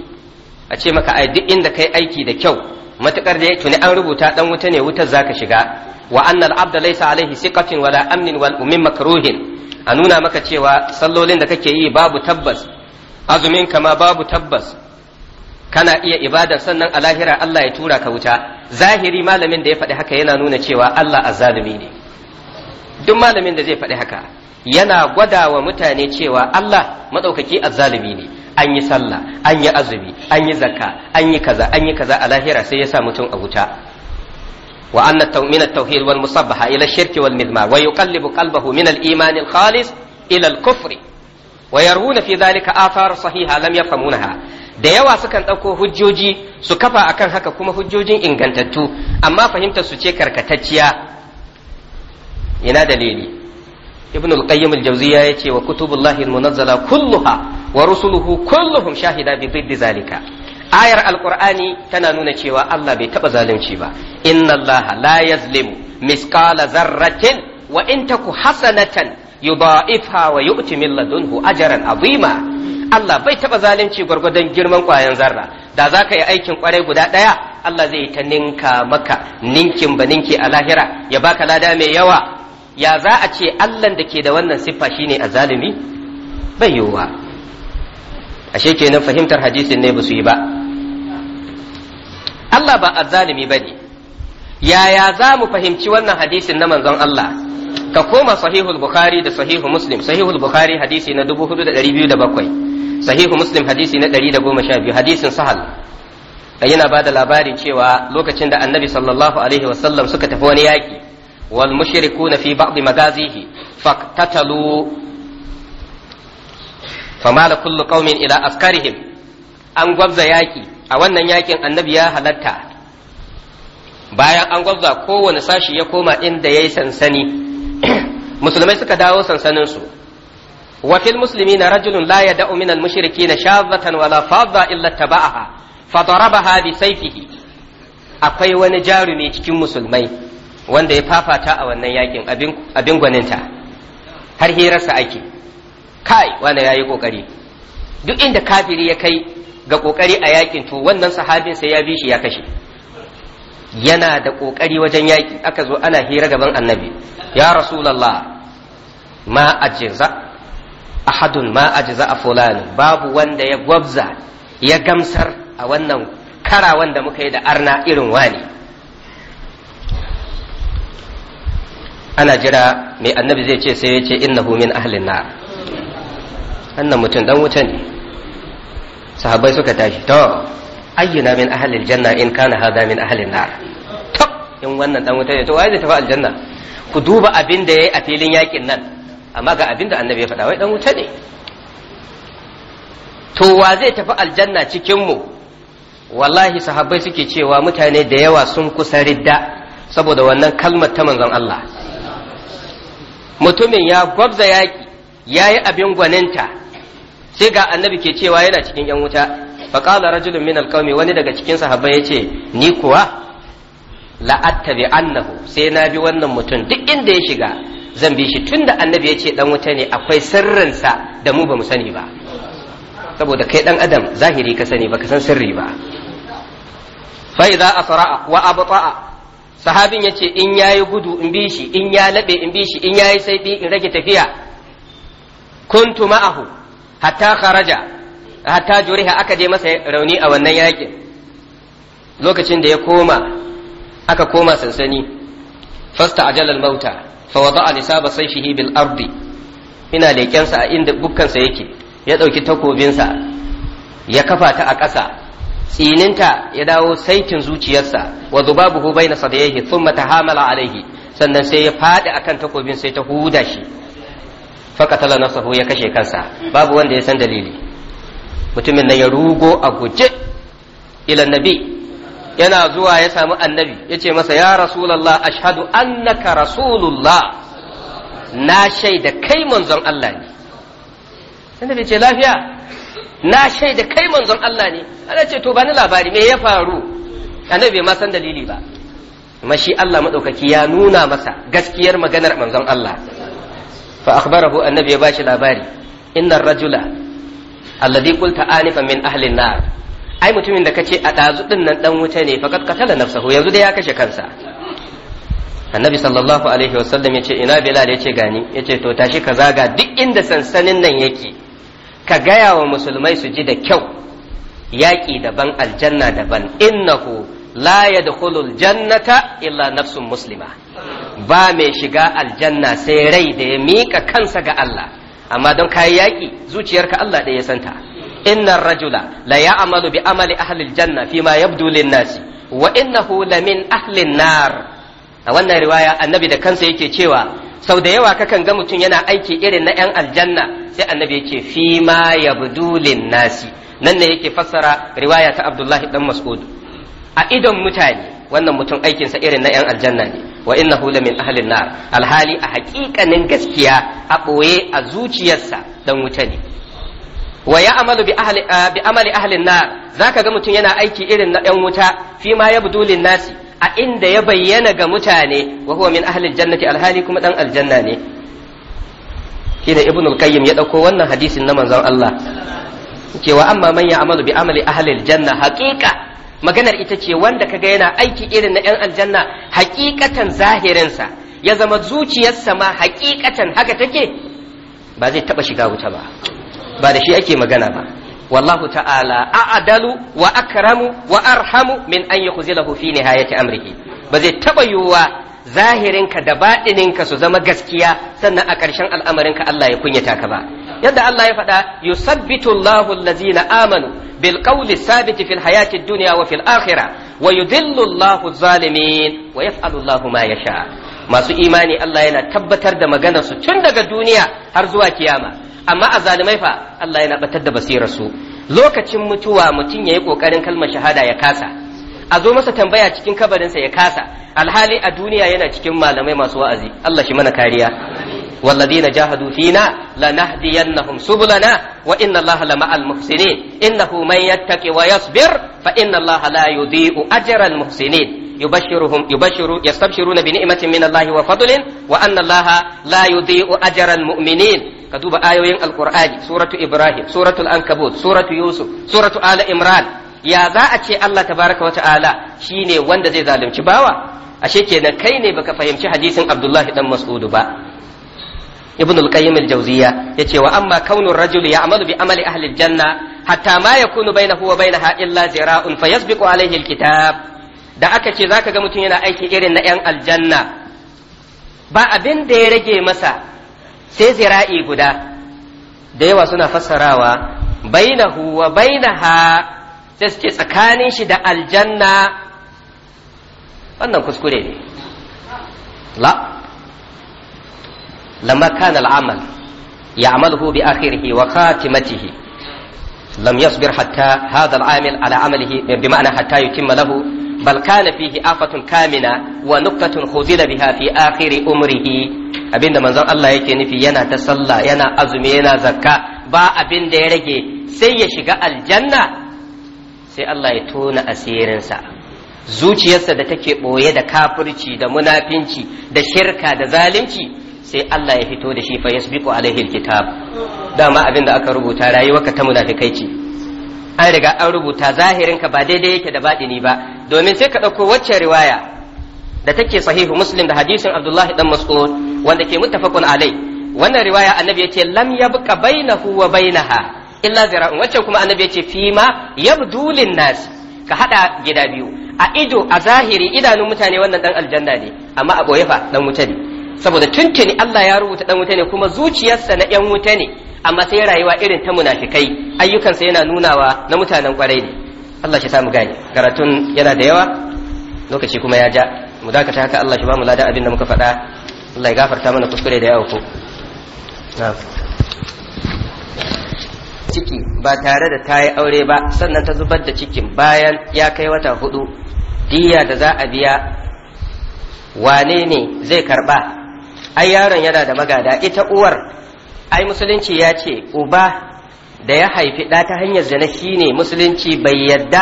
a ce maka ai duk inda kai aiki da kyau matukar dai tuni an rubuta dan wuta ne wutar zaka shiga wa anna al-abda laysa siqatin wala amnin wal ummin makruhin a nuna maka cewa sallolin da kake yi babu tabbas azumin kama babu tabbas kana iya ibada sannan alahira lahira Allah ya tura ka wuta zahiri malamin da ya faɗi haka yana nuna cewa Allah azzalumi ne duk malamin da zai faɗi haka yana gwada wa mutane cewa Allah maɗaukaki azzalumi ne an yi sallah an yi azumi an yi zakka an yi kaza an yi kaza a lahira sai ya sa mutum a wuta وأن من التوحيد والمصبحة إلى الشرك والمذمار ويقلب قلبه من الإيمان الخالص إلى الكفر ويروون في ذلك آثار صحيحة لم يفهمونها da yawa sukan ɗauko hujjoji su kafa akan haka kuma hujjojin ingantattu amma fahimtar su ce karkatacciya ina dalili ibn al-qayyim al-jawziya ce, wa kutubullahi al-munazzala kulluha wa rusuluhu kulluhum shahida bi zalika ayar alqur'ani tana nuna cewa Allah bai taba zalunci ba inna Allah la yazlimu misqala zarratin wa in taku hasanatan yudha'ifha wa yu'ti min ladunhu ajran azima Allah bai taba zalunci gwargwadon girman kwayan zarra da zaka yi aikin kwarai guda ɗaya Allah zai ta ninka maka ninkin ba ninki a lahira ya baka lada mai yawa ya za a ce Allah da ke da wannan siffa shine azalimi bai yiwuwa ashe kenan fahimtar hadisin ne ba su yi ba Allah ba azzalimi ne. yaya za mu fahimci wannan hadisin na manzon Allah ka koma sahihul bukhari da sahihu muslim sahihul bukhari hadisi na 4207 sahihu muslim hadisi na 112 hadisin sahal yana ba da labarin cewa lokacin da annabi sallallahu alaihi wasallam suka tafi wani yaƙi wal na fi ba'd magazihi faqtatalu famala kullu qaumin ila askarihim an gwabza yaƙi a wannan yakin annabi ya halatta bayan an gwabza kowane sashi ya koma inda ya yi sansani musulmai suka dawo sansaninsu wafil musulmi na rajulun la ya da'u minal mushriki na shazatan wala fadda illa taba'aha fa darabaha bi sayfihi akwai wani jarumi cikin musulmai wanda ya fafata a wannan yakin abin gwaninta har hirarsa ake kai wanda yayi kokari duk inda kafiri ya kai ga ƙoƙari a yakin to wannan sahabin sai ya bi shi ya kashe yana da kokari wajen yaki aka zo ana hira gaban annabi ya rasulullah ma ajiza ahadun ma ajiza a fulani babu wanda ya gwabza ya gamsar a wannan kara wanda muka yi da arna irin wani ana jira mai annabi zai ce sai ya ce innahu min ahlin nar annan mutum dan wuta ne Sahabai suka tashi to ayyuna min ahlil janna in kana hada min ahlin nar to in wannan dan wuta ne to wai zai tafi aljanna ku duba abin da yayi a filin yakin nan amma ga abin da annabi ya faɗa wai dan wuta ne to wa zai tafi aljanna cikin mu wallahi sahabbai suke cewa mutane da yawa sun kusa ridda saboda wannan kalmar ta manzon Allah mutumin ya gwabza yaki yayi abin gwaninta sai ga annabi ke cewa yana cikin yan wuta faqala rajulun min alqaumi wani daga cikin sahabbai yace ni kuwa la attabi annahu sai na bi wannan mutum duk inda ya shiga zan bi shi tunda annabi ya ce dan wuta ne akwai sirrinsa da mu bamu sani ba saboda kai dan adam zahiri ka sani baka san sirri ba fa idza asra'a wa abta'a sahabin yace in yayi gudu in bi shi in ya labe in bi shi in yayi sai in rage tafiya kuntu ma'ahu hatta kharaja hatta juriha aka je masa rauni a wannan yakin lokacin da ya koma aka koma sansani fasta ajalal mauta fa wada'a lisaba sayfihi bil ardi ina lekensa a inda bukkansa yake ya ɗauki takobinsa ya kafa ta a ƙasa tsininta ya dawo saitin zuciyarsa wa zubabuhu baina sadayhi thumma tahamala alaihi sannan sai ya faɗi akan takobin sai ta huda shi faqatala nasahu ya kashe kansa babu wanda ya san dalili mutumin nan ya rugo a guje ila nabi yana zuwa ya samu annabi ya ce masa ya rasulallah ashadu annaka rasulullah na shaida kai manzon Allah ne annabi ce lafiya na shaida kai manzon Allah ne ana ce to bani labari me ya faru annabi ma san dalili ba mashi Allah madaukaki ya nuna masa gaskiyar maganar manzon Allah fa annabi ya bashi labari innar rajula alladhi ta anifa min ahli nar ai mutumin da kace a ɗazu din nan dan wuta ne faqad qatala nafsahu yanzu da ya kashe kansa annabi sallallahu alaihi wasallam yace ina bilal yace gani yace to tashi ka duk inda sansanin nan yake ka gaya wa musulmai su ji da kyau yaƙi daban aljanna daban innahu la yadkhulul jannata illa nafsun muslima ba mai shiga aljanna sai rai da ya miƙa kansa ga Allah amma don kayi yaƙi zuciyarka Allah ɗaya ya santa innar rajula la ya'malu bi amali ahlil janna fi ma yabdu lin nasi wa innahu lamin ahli nar a wannan riwaya annabi da kansa yake cewa sau da yawa kakan ga mutum yana aiki irin na 'yan aljanna sai annabi yake fi ma yabdu lin nasi nan ne yake fassara riwaya ta Abdullahi dan Mas'ud a idon mutane wannan mutum aikinsa irin na 'yan aljanna ne wa innahu hula min ahlin na alhali a haƙiƙanin gaskiya a ɓoye a zuciyarsa don wuta ne wa ya amalu bi amali ahlin za zaka ga mutum yana aiki irin na 'yan wuta fi ma yabdu lin nasi a inda ya bayyana ga mutane wa huwa min ahalin jannati alhali kuma dan aljanna ne shine ibnul qayyim ya dauko wannan hadisin na manzon Allah cewa amma man ya amalu bi amali ahlil janna haqiqa maganar ita ce wanda kaga yana aiki irin na 'yan aljanna hakikatan zahirinsa ya zama zuciyarsa ma hakikatan haka take ba zai taba shiga wuta ba ba da shi ake magana ba wallahu ta'ala a'adalu wa akramu wa arhamu min an yakhzilahu fi nihayati amrihi ba zai taba yiwuwa zahirinka da baɗininka su zama gaskiya sannan a ƙarshen al'amarinka Allah ya kunyata ka ba yadda Allah ya faɗa yusabbitu Allahu allazina amanu bil qawli sabiti fil hayati dunya wa fil akhirah wa yudhillu Allahu zalimin wa yaf'alu Allahu ma yasha masu imani Allah yana tabbatar da maganar su tun daga duniya har zuwa kiyama amma a zalimai fa Allah yana batar da basirar su lokacin mutuwa mutum yayi kokarin kalmar shahada ya kasa a zo masa tambaya cikin kabarinsa ya kasa alhali a duniya yana cikin malamai masu wa'azi Allah shi mana kariya والذين جاهدوا فينا لنهدينهم سبلنا وإن الله لمع المحسنين إنه من يتق ويصبر فإن الله لا يضيء أجر المحسنين يبشرهم يبشر يستبشرون بنعمة من الله وفضل وأن الله لا يضيء أجر المؤمنين كتب آيوين القرآن سورة إبراهيم سورة الأنكبوت سورة يوسف سورة آل إمران يا ذا أتي الله تبارك وتعالى شيني وند زي ظالم شباوة ashe kenan kai ne baka fahimci hadisin Abdullahi dan Mas'udu ba ibn al-qayyim al-jawziya yace wa amma kaunur rajul ya'malu bi amali ahli al-janna hatta ma yakunu bainahu wa bainaha illa zira'un fayasbiqu alayhi al-kitab da aka ce zaka ga mutum yana aiki irin na yan aljanna ba abin da ya rage masa sai zira'i guda da yawa suna fassarawa bainahu wa bainaha sai suke tsakanin shi da aljanna wannan kuskure ne la لما كان العمل يعمله بآخره وخاتمته لم يصبر حتى هذا العامل على عمله بمعنى حتى يتم له بل كان فيه آفة كامنة ونقطة خذل بها في آخر أمره أبين من زن الله يكي نفي ينا تسلى ينا أزمي ينا زكاة با أبين ديرجي سيشغى الجنة sai Allah ya tona asirinsa zuciyarsa da take ɓoye da kafirci da munafinci da shirka da zalunci sai Allah ya fito da shi fa yasbiqu alaihi alkitab dama abin da aka rubuta ka ta munafikai ce an riga an rubuta zahirin ka ba daidai yake da baɗini ba domin sai ka ɗauko wacce riwaya da take sahihu muslim da hadisin abdullahi dan mas'ud wanda ke muttafaqun alai wannan riwaya annabi yace lam yabqa bainahu wa bainaha illa zira'un wacce kuma annabi yace fima yabdu lin nas ka hada gida biyu a ido a zahiri idanun mutane wannan dan aljanna ne amma a boye fa dan mutane saboda tuntuni Allah ya rubuta dan wuta ne kuma zuciyarsa na yan wuta ne amma sai rayuwa irin ta munafikai ayyukansa yana nunawa na mutanen kwarai ne Allah shi mu gane karatun yana da yawa lokaci kuma ya ja mu dakata haka Allah shi ba mu lada abin da muka faɗa Allah ya gafarta mana kuskure da yawa ko ciki ba tare da ta yi aure ba sannan ta zubar da cikin bayan ya kai wata hudu diya da za a biya wane ne zai karba ai yaron yana da magada ita uwar ai musulunci ya ce uba da ya haifi ɗa ta hanyar zina shine musulunci bai yadda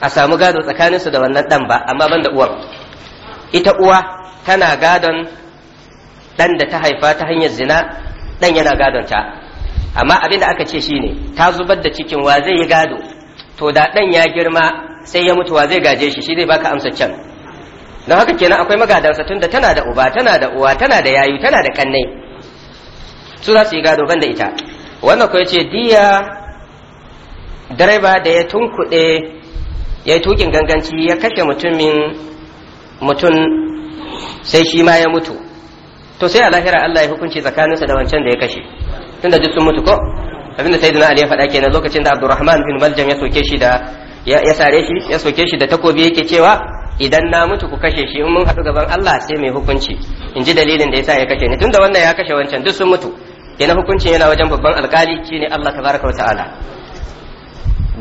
a samu gado tsakaninsu da wannan ɗan ba amma banda uwar ita uwa tana gadon ɗan da ta haifa ta hanyar zina ɗan yana gadon ta amma abin da aka ce shine ta zubar da cikin wa zai yi gado to da ɗan ya girma sai ya mutu wa zai gaje shi shi zai baka amsa can don haka kenan akwai magadansa tunda tana da uba tana da uwa tana da yayu tana da kannai su za su yi gado banda ita wannan ko yace diya direba da ya tunkuɗe ya yi tukin ganganci ya kashe mutumin mutum sai shi ma ya mutu to sai a lahira Allah ya hukunci tsakaninsa da wancan da ya kashe tunda duk sun mutu ko abinda sayyidina Ali ya faɗa kenan lokacin da Abdurrahman bin Maljam ya soke shi da ya sare shi ya soke shi da takobi yake cewa idan na mutu ku kashe shi in mun haɗu gaban Allah sai mai hukunci in ji dalilin da yasa ya kashe ni tunda wannan ya kashe wancan duk sun mutu kenan hukuncin yana wajen babban alkali shine Allah tabaraka wa ta'ala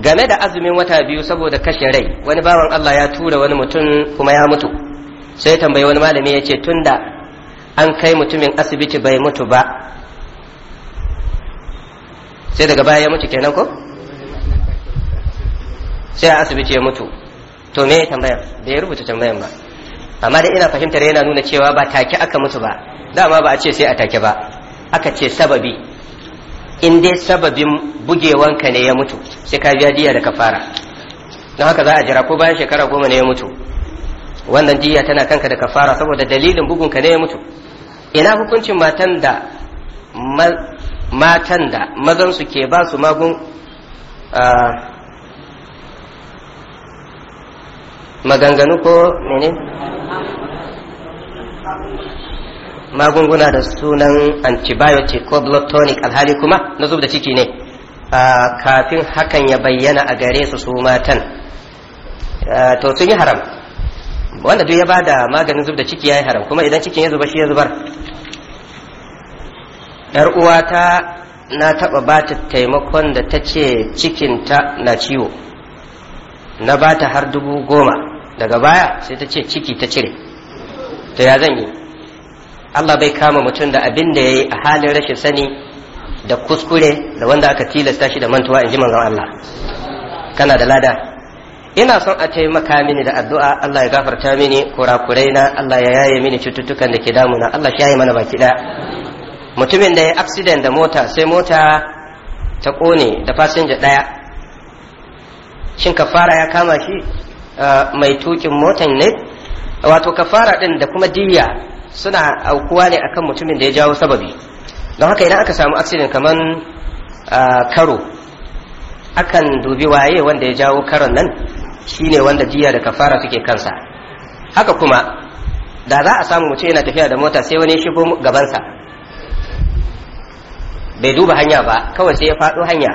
game da azumin wata biyu saboda kashe rai wani bawan Allah ya tura wani mutum kuma ya mutu sai tambayi wani malami ya ce tunda an kai mutumin asibiti bai mutu ba sai daga baya ya mutu kenan ko sai a asibiti ya mutu to me da bai rubuta tambayan ba amma dai ina fahimtar yana nuna cewa ba take aka mutu ba dama ba a ce sai a take ba aka ce sababi in dai sababin bugewanka ne ya mutu sai ka biya diya da kafara don haka za a jira ko bayan shekara goma ne ya mutu wannan diya tana kanka da kafara saboda dalilin bugunka ne ya mutu ina hukuncin matan da matan da mazan su ke ba su magun ah, maganganu ko mene magunguna da sunan antibiotic ko blood tonic alhali kuma na zub da ciki ne kafin hakan ya bayyana a gare su su matan to sun yi haram wanda duk ya ba da maganin zub da ciki ya yi haram kuma idan cikin ya zuba shi ya zubar yar uwata na taba ba ta taimakon da ta ce cikinta na ciwo na ba ta har dubu goma daga baya sai ta ce ciki ta cire to ya zan yi Allah bai kama mutum da abin da ya yi a halin rashin sani da kuskure da wanda aka tilasta shi da mantuwa in ji manzon Allah kana da lada ina son a taimaka mini da addu'a Allah ya gafarta mini kurakurai na Allah ya yaye mini cututtukan da ke damuna Allah shi yaye mana baki ɗaya mutumin da ya yi accident da mota sai mota ta kone da fasinja ɗaya shin kafara ya kama shi ah, mai tukin motan ne wato kafara din da kuma diya suna aukuwa ne akan mutumin da ya jawo sababi don haka idan aka samu aksidin kaman ah, karo akan dubi waye wanda ya jawo karon nan shine wanda diya da kafara suke kansa haka kuma da za a samu mutum yana tafiya da mota sai wani shigo gabansa bai duba hanya ba kawai sai ya faɗo hanya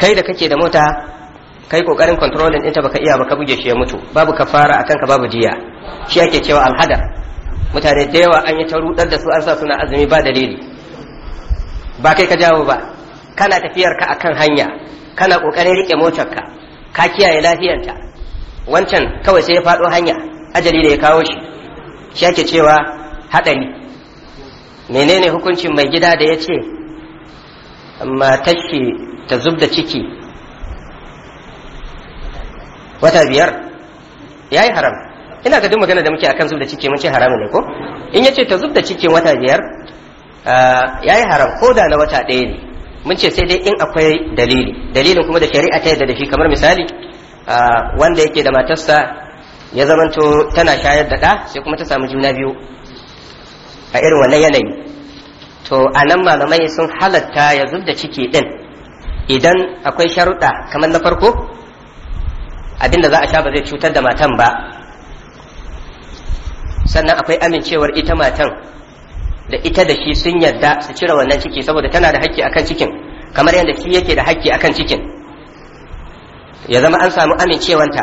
kai da kake da mota kai kokarin controlling ɗinta baka iya baka buge shi ya mutu babu kafara akan ka babu jiya shi ake cewa alhadar mutane da yawa an yi ta rudar da su an sa suna azumi ba dalili ba kai ka jawo ba kana tafiyar ka akan hanya kana kokarin rike motar ka ka kiyaye lafiyarta wancan kawai sai ya faɗo hanya ajali da ya kawo shi shi ake cewa haɗari menene hukuncin mai gida da ya ce matar ta zub da ciki wata biyar ya yi haram ina ga duk magana da muke akan zub da ciki mun ce haram ne ko in yace ta zub da cikin wata biyar ah, ya yi haram ko da na wata ɗaya ne mun ce sai dai in akwai dalili dalilin kuma da shari'a ta yadda da shi kamar misali ah, wanda yake da matarsa ya zamanto tana shayar da ɗa sai kuma ta samu juna biyu a irin wannan yanayi to a nan malamai sun halatta ya zub da ciki ɗin idan akwai sharuɗa kamar na farko Abin da za a sha ba zai cutar da matan ba sannan akwai amincewar ita matan da ita da shi sun yarda su cire wannan ciki saboda tana da hakki akan cikin kamar yadda shi yake da hakki akan cikin ya zama an samu amincewanta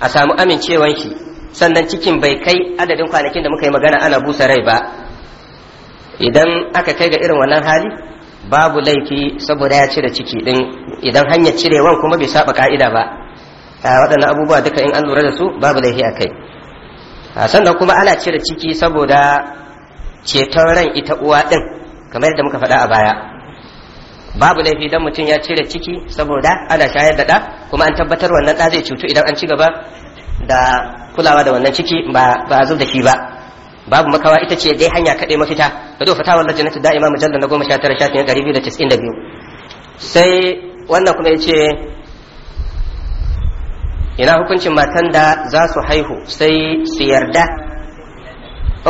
a samu amincewan shi sannan cikin bai kai adadin kwanakin da muka yi magana ana busa rai ba idan aka kai ga irin wannan hali babu laifi saboda ya cire ciki din idan hanyar cirewan kuma bai saba ka'ida ba A waɗannan abubuwa duka in an lura da su babu laifi a kai sannan kuma ana cire ciki saboda ceton ran ita uwa ɗin kamar yadda muka faɗa a baya babu laifi don mutum ya cire ciki saboda ana shayar da ɗa kuma an tabbatar wannan ɗa zai cutu idan an ci gaba da kulawa da wannan ciki ba a zub da shi ba babu makawa ita ce dai hanya kaɗai mafita ka zo fata wallar jannatu da'ima mujallar na goma sha tara shafin ɗari biyu da da biyu sai wannan kuma ya ce ina hukuncin matan da za su haihu sai su yarda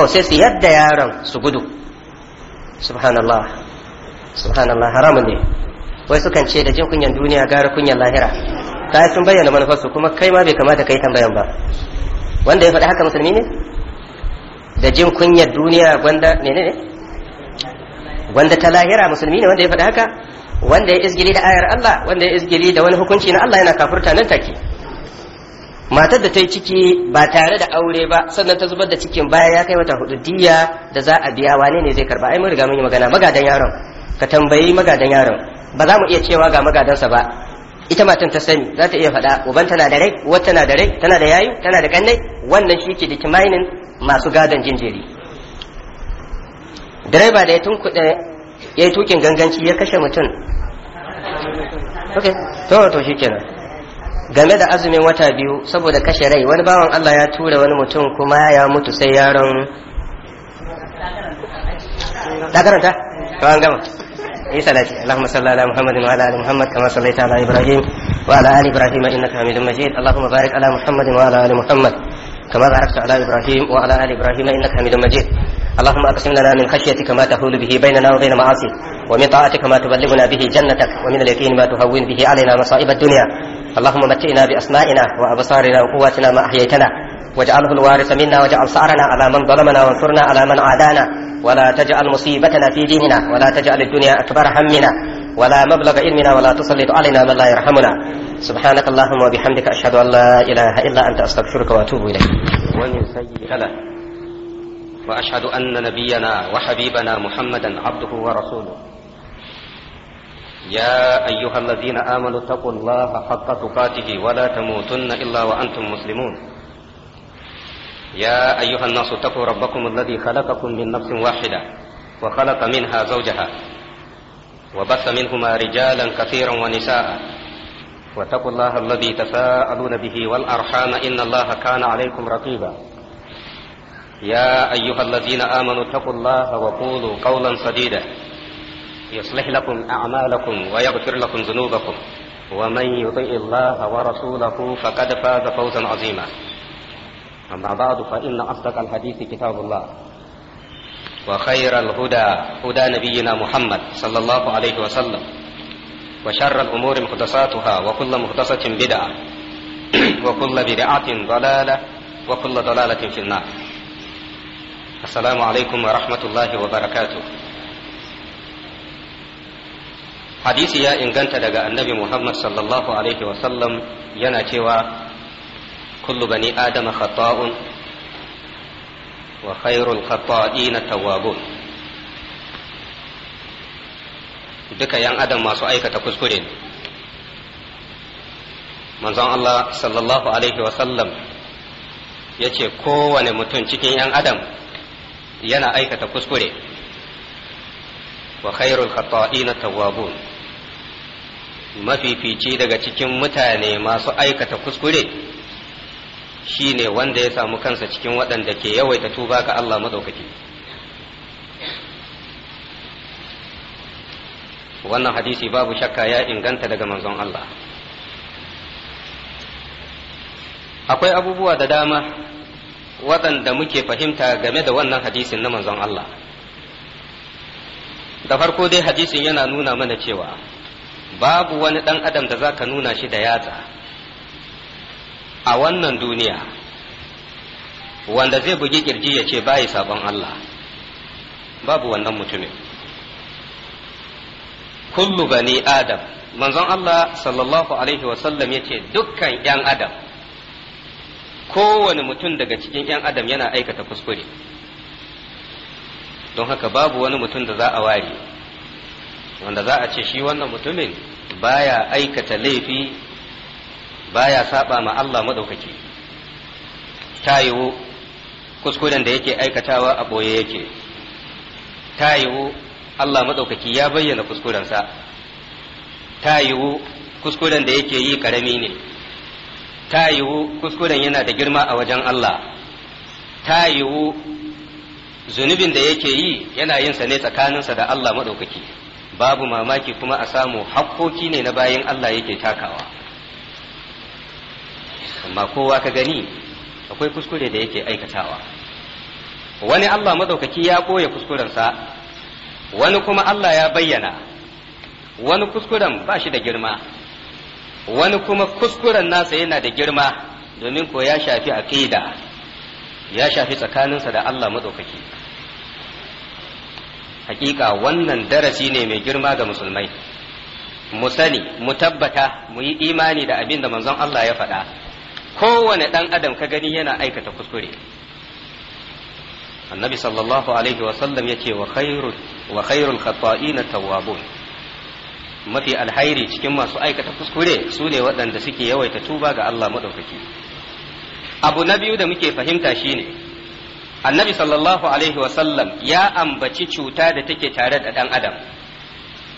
oh sai su yarda yaron su gudu subhanallah subhanallah haramun ne wai sukan ce da jin kunyan duniya gara kunyan lahira yi sun bayyana manufarsu kuma kai ma bai kamata kai tambayan ba wanda ya faɗi haka musulmi ne da jin kunyar duniya gwanda ne ne gwanda ta lahira musulmi ne wanda ya faɗi haka wanda ya izgili da ayar Allah wanda ya izgili da wani hukunci na Allah yana kafurta nan take matar da ta yi ciki ba tare da aure ba sannan ta zubar da cikin baya ya kai wata hudu diya da za a biya wane ne zai karba ai mun riga mun yi magana magadan yaron ka tambayi magadan yaron ba za mu iya cewa ga magadansa ba ita matan ta sani za ta iya faɗa uban tana da rai uwar tana da rai tana da yayu tana da kannai wannan shi ke dikimainin masu gadon jinjiri direba da ya tunkuɗe ya yi tukin ganganci ya kashe mutum Ok, to to kenan game da azumin wata biyu saboda kashe rai wani bawan Allah ya tura wani mutum kuma ya mutu sai yaron ta karanta to an gama yi salati Allahumma salli ala Muhammadin wa ala ali Muhammad kama sallaita ala Ibrahim wa ala ali Ibrahim innaka Hamidum Majid Allahumma barik ala Muhammadin wa ala ali Muhammad kama barakta ala Ibrahim wa ala ali Ibrahim innaka Hamidum Majid اللهم اقسم لنا من خشيتك ما تحول به بيننا وبين معاصيك ومن طاعتك ما تبلغنا به جنتك ومن اليقين ما تهون به علينا مصائب الدنيا اللهم متئنا باسمائنا وابصارنا وقواتنا ما احييتنا واجعله الوارث منا واجعل ثارنا على من ظلمنا وانصرنا على من عادانا ولا تجعل مصيبتنا في ديننا ولا تجعل الدنيا اكبر همنا ولا مبلغ علمنا ولا تسلط علينا من لا يرحمنا سبحانك اللهم وبحمدك اشهد ان لا اله الا انت استغفرك واتوب اليك ومن سيئ واشهد ان نبينا وحبيبنا محمدا عبده ورسوله يا ايها الذين امنوا اتقوا الله حق تقاته ولا تموتن الا وانتم مسلمون يا ايها الناس اتقوا ربكم الذي خلقكم من نفس واحده وخلق منها زوجها وبث منهما رجالا كثيرا ونساء واتقوا الله الذي تساءلون به والارحام ان الله كان عليكم رقيبا يا أيها الذين آمنوا اتقوا الله وقولوا قولا سديدا يصلح لكم أعمالكم ويغفر لكم ذنوبكم ومن يطع الله ورسوله فقد فاز فوزا عظيما أما بعد فإن أصدق الحديث كتاب الله وخير الهدى هدى نبينا محمد صلى الله عليه وسلم وشر الأمور محدثاتها وكل محدثة بدعة وكل بدعة ضلالة وكل ضلالة في النار السلام عليكم ورحمة الله وبركاته hadisi ya inganta daga annabi Muhammad sallallahu alaihi wasallam yana cewa kullu bani adama khata'un wa khairul khata'ina tawwabun duka yan adam masu aikata kuskure ne manzon Allah sallallahu alaihi wasallam ya ce kowane mutum cikin yan adam yana aikata kuskure wa khairul khata'ina tawwabun mafifici daga cikin mutane masu aikata kuskure shine wanda ya samu kansa cikin waɗanda ke yawaita tuba ga Allah madaukaki wannan hadisi babu shakka ya inganta daga manzon Allah akwai abubuwa da dama waɗanda muke fahimta game da wannan hadisin na manzon Allah da farko dai hadisin yana nuna mana cewa babu wani ɗan adam da zaka nuna shi da yatsa a wannan duniya wanda zai bugi ƙirji ya ce bayi sabon Allah babu wannan mutumin kullu bani adam manzon Allah sallallahu alaihi wasallam ya ce dukkan 'yan adam kowane mutum daga cikin 'yan adam yana aikata kuskure don haka babu wani mutum da za a ware wanda za a ce shi wannan mutumin baya aikata laifi baya saba ma Allah madaukaki ta yiwu kuskuren da yake aikatawa a ɓoye yake ta yiwu Allah madaukaki ya bayyana kuskurensa ta yiwu kuskuren da yake yi karami ne ta yiwu kuskuren yana da girma a wajen Allah ta yiwu zunubin da yake yi yana yin sa ne tsakaninsa da Allah maɗaukaki babu mamaki kuma a samu hakkoki ne na bayan Allah yake takawa amma kowa ka gani akwai kuskure da yake aikatawa wani Allah maɗaukaki ya ɓoye kuskurensa wani kuma Allah ya bayyana wani kuskuren ba shi da girma wani kuma kuskuren nasa yana da girma domin ko ya shafi aqida ya shafi tsakaninsa da Allah madaukaki hakika wannan darasi ne mai girma ga musulmai mu sani mu tabbata mu yi imani da abin da manzon Allah ya faɗa kowane ɗan adam ka gani yana aikata kuskure annabi sallallahu alaihi wasallam ya ce wa khairul khata'ina tawwabun mafi alhairi cikin masu aikata kuskure su ne waɗanda suke yawaita tuba ga Allah maɗaukaki abu na biyu da muke fahimta shine annabi sallallahu alaihi wasallam ya ambaci cuta da take tare da ɗan adam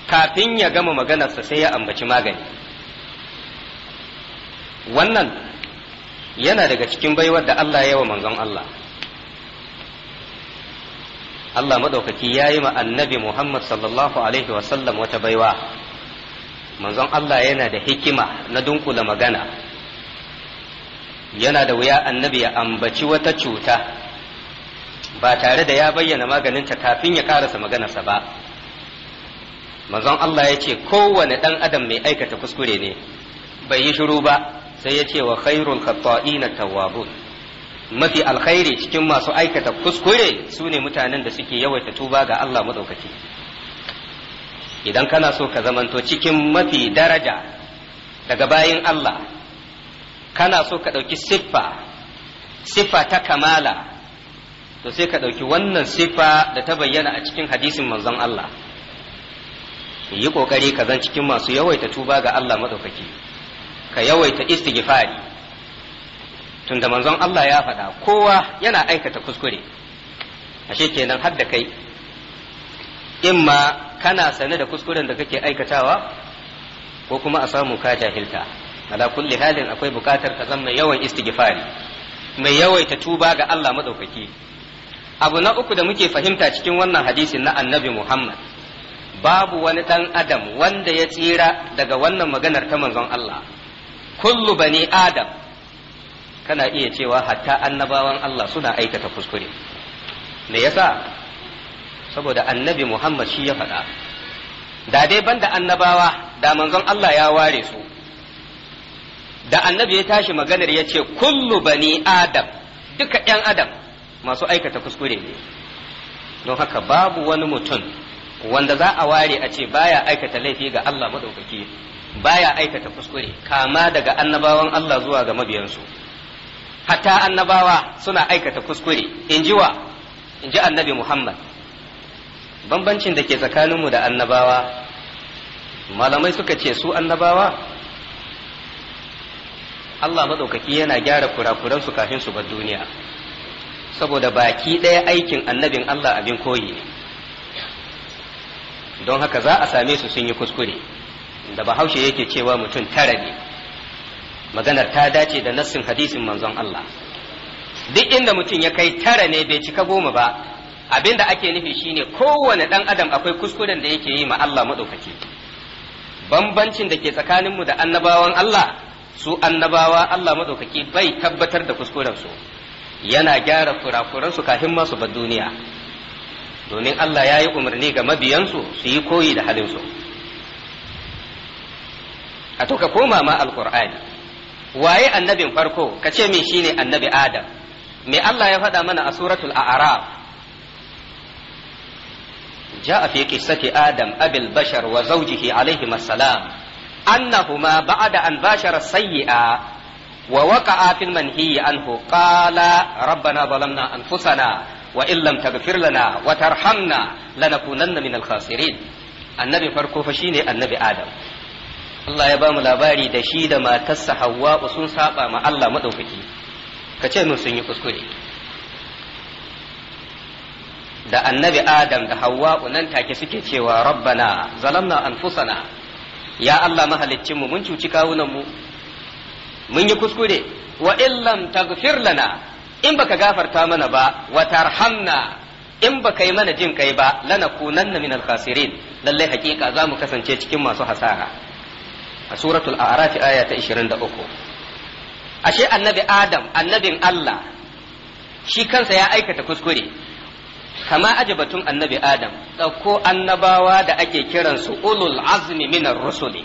kafin ya gama maganarsa sai ya ambaci magani wannan yana daga cikin baiwar da Allah ya wa manzon Allah Allah maɗaukaki ya yi ma annabi Muhammad sallallahu alaihi wasallam wata baiwa manzon Allah yana da hikima na dunkula magana yana da wuya annabi ya ambaci wata cuta ba tare da ya bayyana maganinta kafin ya karasa maganarsa ba manzon Allah ya ce kowane ɗan adam mai aikata kuskure ne bai yi shiru ba sai ya ce wa khairul khatta'ina tawwabun mafi alkhairi cikin masu aikata kuskure su ne mutanen da suke yawaita tuba ga Allah madaukaki idan kana so ka zamanto cikin mafi daraja daga bayin Allah kana so ka ɗauki siffa siffa ta kamala to sai ka ɗauki wannan siffa da ta bayyana a cikin hadisin manzon Allah yi ƙoƙari ka zan cikin masu yawaita tuba ga Allah maɗaukaki ka yawaita istighfari tunda manzon Allah ya faɗa kowa yana aikata kuskure ashe kenan har da kai imma kana sane da kuskuren da kake aikatawa ko kuma a samu ka jahilta ala kulli halin akwai bukatar ka zama yawan istighfari mai yawaita tuba ga Allah madaukaki abu na uku da muke fahimta cikin wannan hadisin na annabi Muhammad babu wani dan adam wanda ya tsira daga wannan maganar ta manzon Allah kullu bani adam kana iya cewa hatta annabawan Allah suna aikata kuskure me yasa saboda annabi Muhammad shi ya faɗa da dai banda annabawa da manzon Allah ya ware su da annabi ya tashi maganar ya ce kullu bani adam duka ‘yan adam masu aikata kuskure ne don haka babu wani mutum wanda za a ware a ce baya aikata laifi ga Allah madaukaki, baya aikata kuskure kama daga annabawan Allah zuwa ga mabiyansu hatta annabawa suna aikata kuskure in ji in ji annabi Muhammad bambancin da ke tsakaninmu da annabawa malamai suka ce su annabawa Allah maɗaukaki yana gyara kurakuransu kafin su bar duniya saboda baki ɗaya aikin annabin Allah abin koyi ne don haka za a same su sun yi kuskure da bahaushe yake cewa mutum tara ne maganar ta dace da nassin hadisin manzon Allah duk inda mutum ya kai tara ne bai cika goma ba Abin da ake nufi shine kowane ɗan adam akwai kuskuren da yake yi ma Allah maɗaukaki bambancin da ke tsakaninmu da annabawan Allah su annabawa Allah maɗaukaki bai tabbatar da kuskurensu yana gyara kurakuransu kafin masu bar duniya domin Allah ya yi umarni ga mabiyansu su yi koyi da halinsu a to ka koma ma alƙur'ani waye annabin farko ka ce min shine annabi adam me Allah ya faɗa mana a suratul a'raf جاء في قصة آدم أبي البشر وزوجه عليهما السلام أنهما بعد أن باشر السيئة ووقع في المنهي عنه قال ربنا ظلمنا أنفسنا وإن لم تغفر لنا وترحمنا لنكونن من الخاسرين النبي فرقو فشيني النبي آدم Allah ya ba mu labari da shi da matarsa Hawwa sun saba ma Allah madaukaki kace mun sun yi kuskure da annabi adam da Hauwa nan take suke cewa rabbana zalamna anfusana ya Allah mahaliccinmu mun cuci kawunanmu mun yi kuskure wa illam taghfir lana in baka gafarta mana ba wa tarhamna in baka yi mana jin kai ba lanakunanna minal khasirin lalle hakika za mu kasance cikin masu hasara a suratul a'raf aya ta 23 ashe annabi adam annabin Allah shi kansa ya aikata kuskure kama ajabatum annabi adam ɗauko annabawa da ake kiransu ulul azmi minar rusuli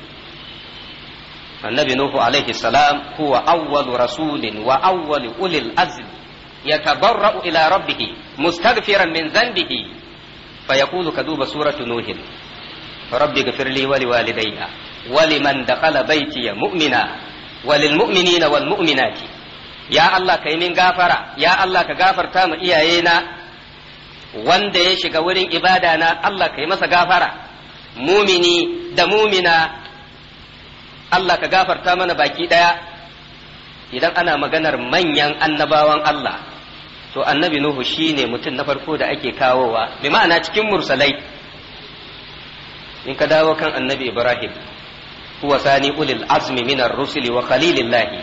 annabi nuhu alaihi salam huwa awwalu rasulin wa awwalu ulil azmi ya yatabarra'u ila rabbih mustaghfiran min dhanbihi fayaqulu kaduba suratu nuhin rabbi ighfir li wa liwalidayya wa liman dakhala baytiya mu'mina walil mu'minina wal mu'minati ya Allah kai min gafara ya Allah ka gafarta mu iyayena wanda ya shiga wurin ibada na Allah ka yi masa gafara mumini da mumina Allah ka gafarta mana baki ɗaya idan ana maganar manyan annabawan Allah to annabi Nuhu shi ne mutum na farko da ake kawowa bi ma'ana cikin mursalai in ka dawo kan annabi Ibrahim huwa sani ulil azmi minar rusuli wa khalilillahi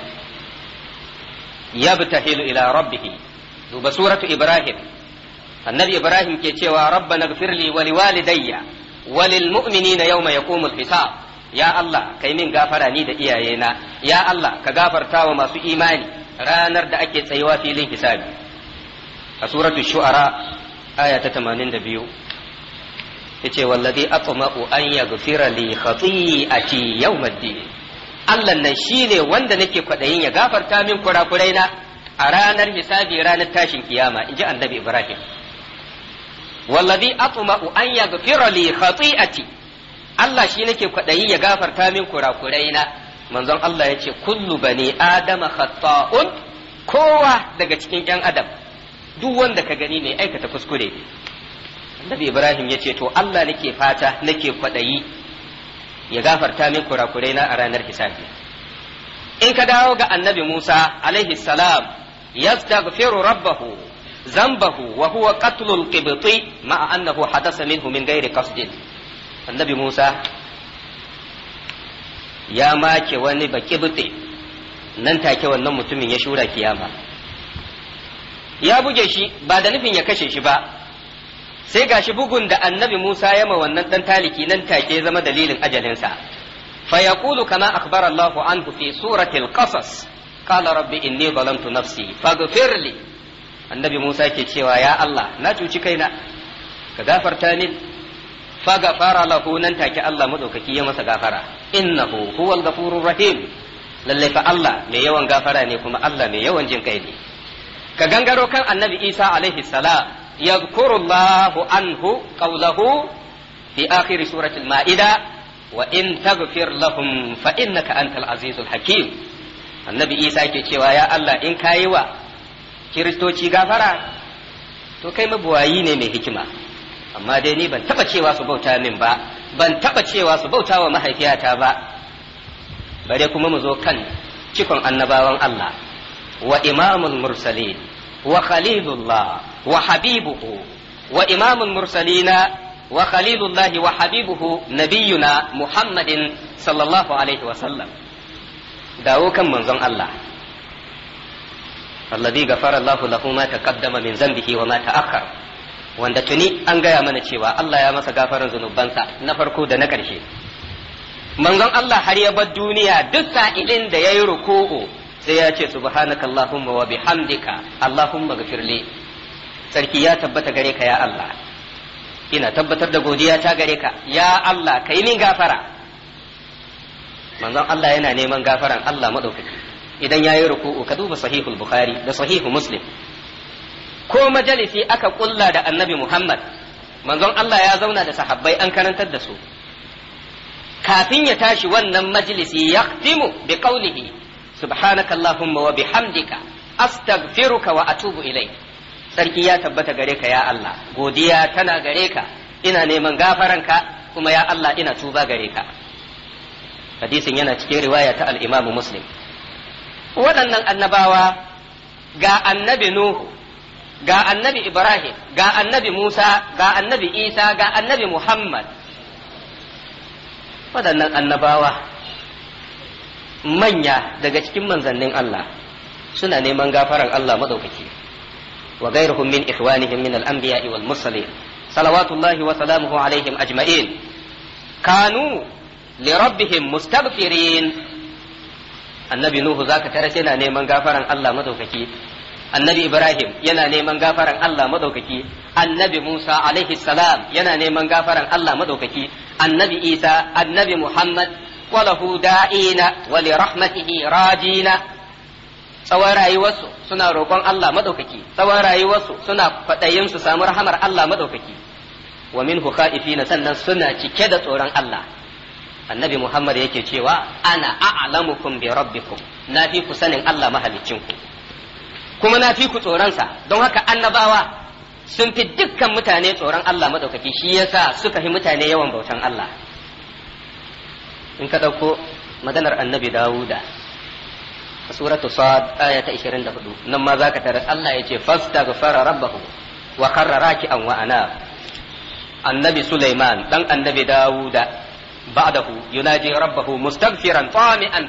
yabtahilu ila rabbihi duba suratu Ibrahim annabi ibrahim ke cewa rabbana gfirli wa liwalidayya wa lilmu'minina yawma yaqumul hisab ya Allah kai min gafara ni da iyayena ya Allah ka gafarta wa masu imani ranar da ake tsayuwa filin hisabi a suratul shu'ara aya ta 82 yace wallazi atma'u an yaghfira li khati'ati yawmiddin Allah nan shine wanda nake kwaɗayin ya gafarta min na a ranar hisabi ranar tashin kiyama inji annabi Ibrahim wallazi atma'u an yaghfira li khati'ati Allah shi nake kwadayi ya gafarta min kurakuraina manzon Allah ya ce kullu bani adama khata'un kowa daga cikin yan adam duk wanda ka gani mai aikata kuskure annabi Ibrahim ya ce to Allah nake fata nake kwadayi ya gafarta min kurakuraina a ranar hisabi in ka dawo ga annabi Musa alaihi salam yastaghfiru rabbahu zambahu wa huwa qatlul qibti ma'a annahu hadasa minhu min ghairi qasdin annabi Musa ya make wani baqibti nan take wannan mutumin ya shura kiyama ya buge shi ba da nufin ya kashe shi ba sai gashi bugun da annabi Musa ya ma wannan ɗan taliki nan take zama dalilin ajalinsa Fayakulu yaqulu kama akhbara Allahu anhu fi suratil qasas qala rabbi inni tu nafsi faghfir li annabi Musa ke cewa ya Allah na cuci kaina ka gafarta min fa gafara lahu nan take Allah madaukaki ya masa gafara innahu huwal ghafurur rahim lalle fa Allah mai yawan gafara ne kuma Allah mai yawan jin kai ne ka gangaro kan annabi Isa alaihi salam yadhkurullahu anhu qawlahu fi akhir suratul maida wa in taghfir lahum fa innaka antal azizul hakim annabi Isa ke cewa ya Allah in kayi wa kiristoci gafara to kai mabuwayi ne mai hikima amma dai ni ban taba cewa su bauta min ba ban taba cewa su bauta wa mahaifiyata ba bare kuma mu zo kan cikon annabawan Allah wa imamul mursalin wa khalilullah wa habibuhu wa imamul mursalina wa Khalilullah wa habibuhu nabiyuna muhammadin sallallahu alaihi wa sallam dawo kan manzon Allah alladhi ghafara Allahu lahu ma taqaddama min zambihi wa ma ta'akhkhar wanda tuni an gaya mana cewa Allah ya masa gafaran zunubansa na farko da na ƙarshe manzon Allah har ya bar duniya duk sa'ilin da ya yi ruku'u sai ya ce subhanaka allahumma wa bihamdika allahumma ghafirli sarki ya tabbata gare ka ya Allah ina tabbatar da godiya ta gare ka ya Allah kai min gafara manzon Allah yana neman gafaran Allah madaukaki idan ya yi ruku'u ka duba sahihul bukhari da sahihu muslim ko majalisi aka kulla da annabi muhammad manzon Allah ya zauna da sahabbai an karantar da su kafin ya tashi wannan majalisi yaqtimu bi qawlihi subhanakallahumma wa bihamdika astaghfiruka wa atubu ilai. sarki ya tabbata gare ka ya Allah godiya tana gare ka ina neman gafaranka kuma ya Allah ina tuba gare ka hadisin yana cikin riwaya ta al Muslim waɗannan annabawa ga annabi Nuhu ga annabi Ibrahim ga annabi Musa ga annabi Isa ga annabi Muhammad waɗannan annabawa manya daga cikin manzannin Allah suna neman gafaran Allah maɗaukaki wa gairuhum min ikhwanihim min al-anbiya'i wal mursalin salawatullahi wa salamuhu alaihim ajma'in kanu li rabbihim mustaghfirin annabi nuhu zaka taras yana neman gafaran Allah madaukaki annabi ibrahim yana neman gafaran Allah madaukaki annabi musa alaihi salam yana neman gafaran Allah madaukaki annabi isa annabi muhammad walahu da'ina wa li rahmatihi rajina tsawon rayuwarsu suna roƙon Allah madaukaki tsawon rayuwarsu suna faɗayin su samu rahamar Allah madaukaki wa minhu kha'ifina sannan suna cike da tsoron Allah annabi muhammad yake cewa ana a'lamukum bi rabbikum na fi ku sanin allah ku. kuma na fi ku tsoronsa don haka annabawa sun fi dukkan mutane tsoron allah madaukaki shi yasa suka fi mutane yawan bautan allah in ka ɗauko maganar annabi dawuda a suratu sad aya ta 24 nan ma zaka tarar allah ya ce fastaghfara rabbahu wa kharra raki'an wa ana annabi Suleiman dan annabi dawuda بعده يناجي ربه مستغفرا طامئا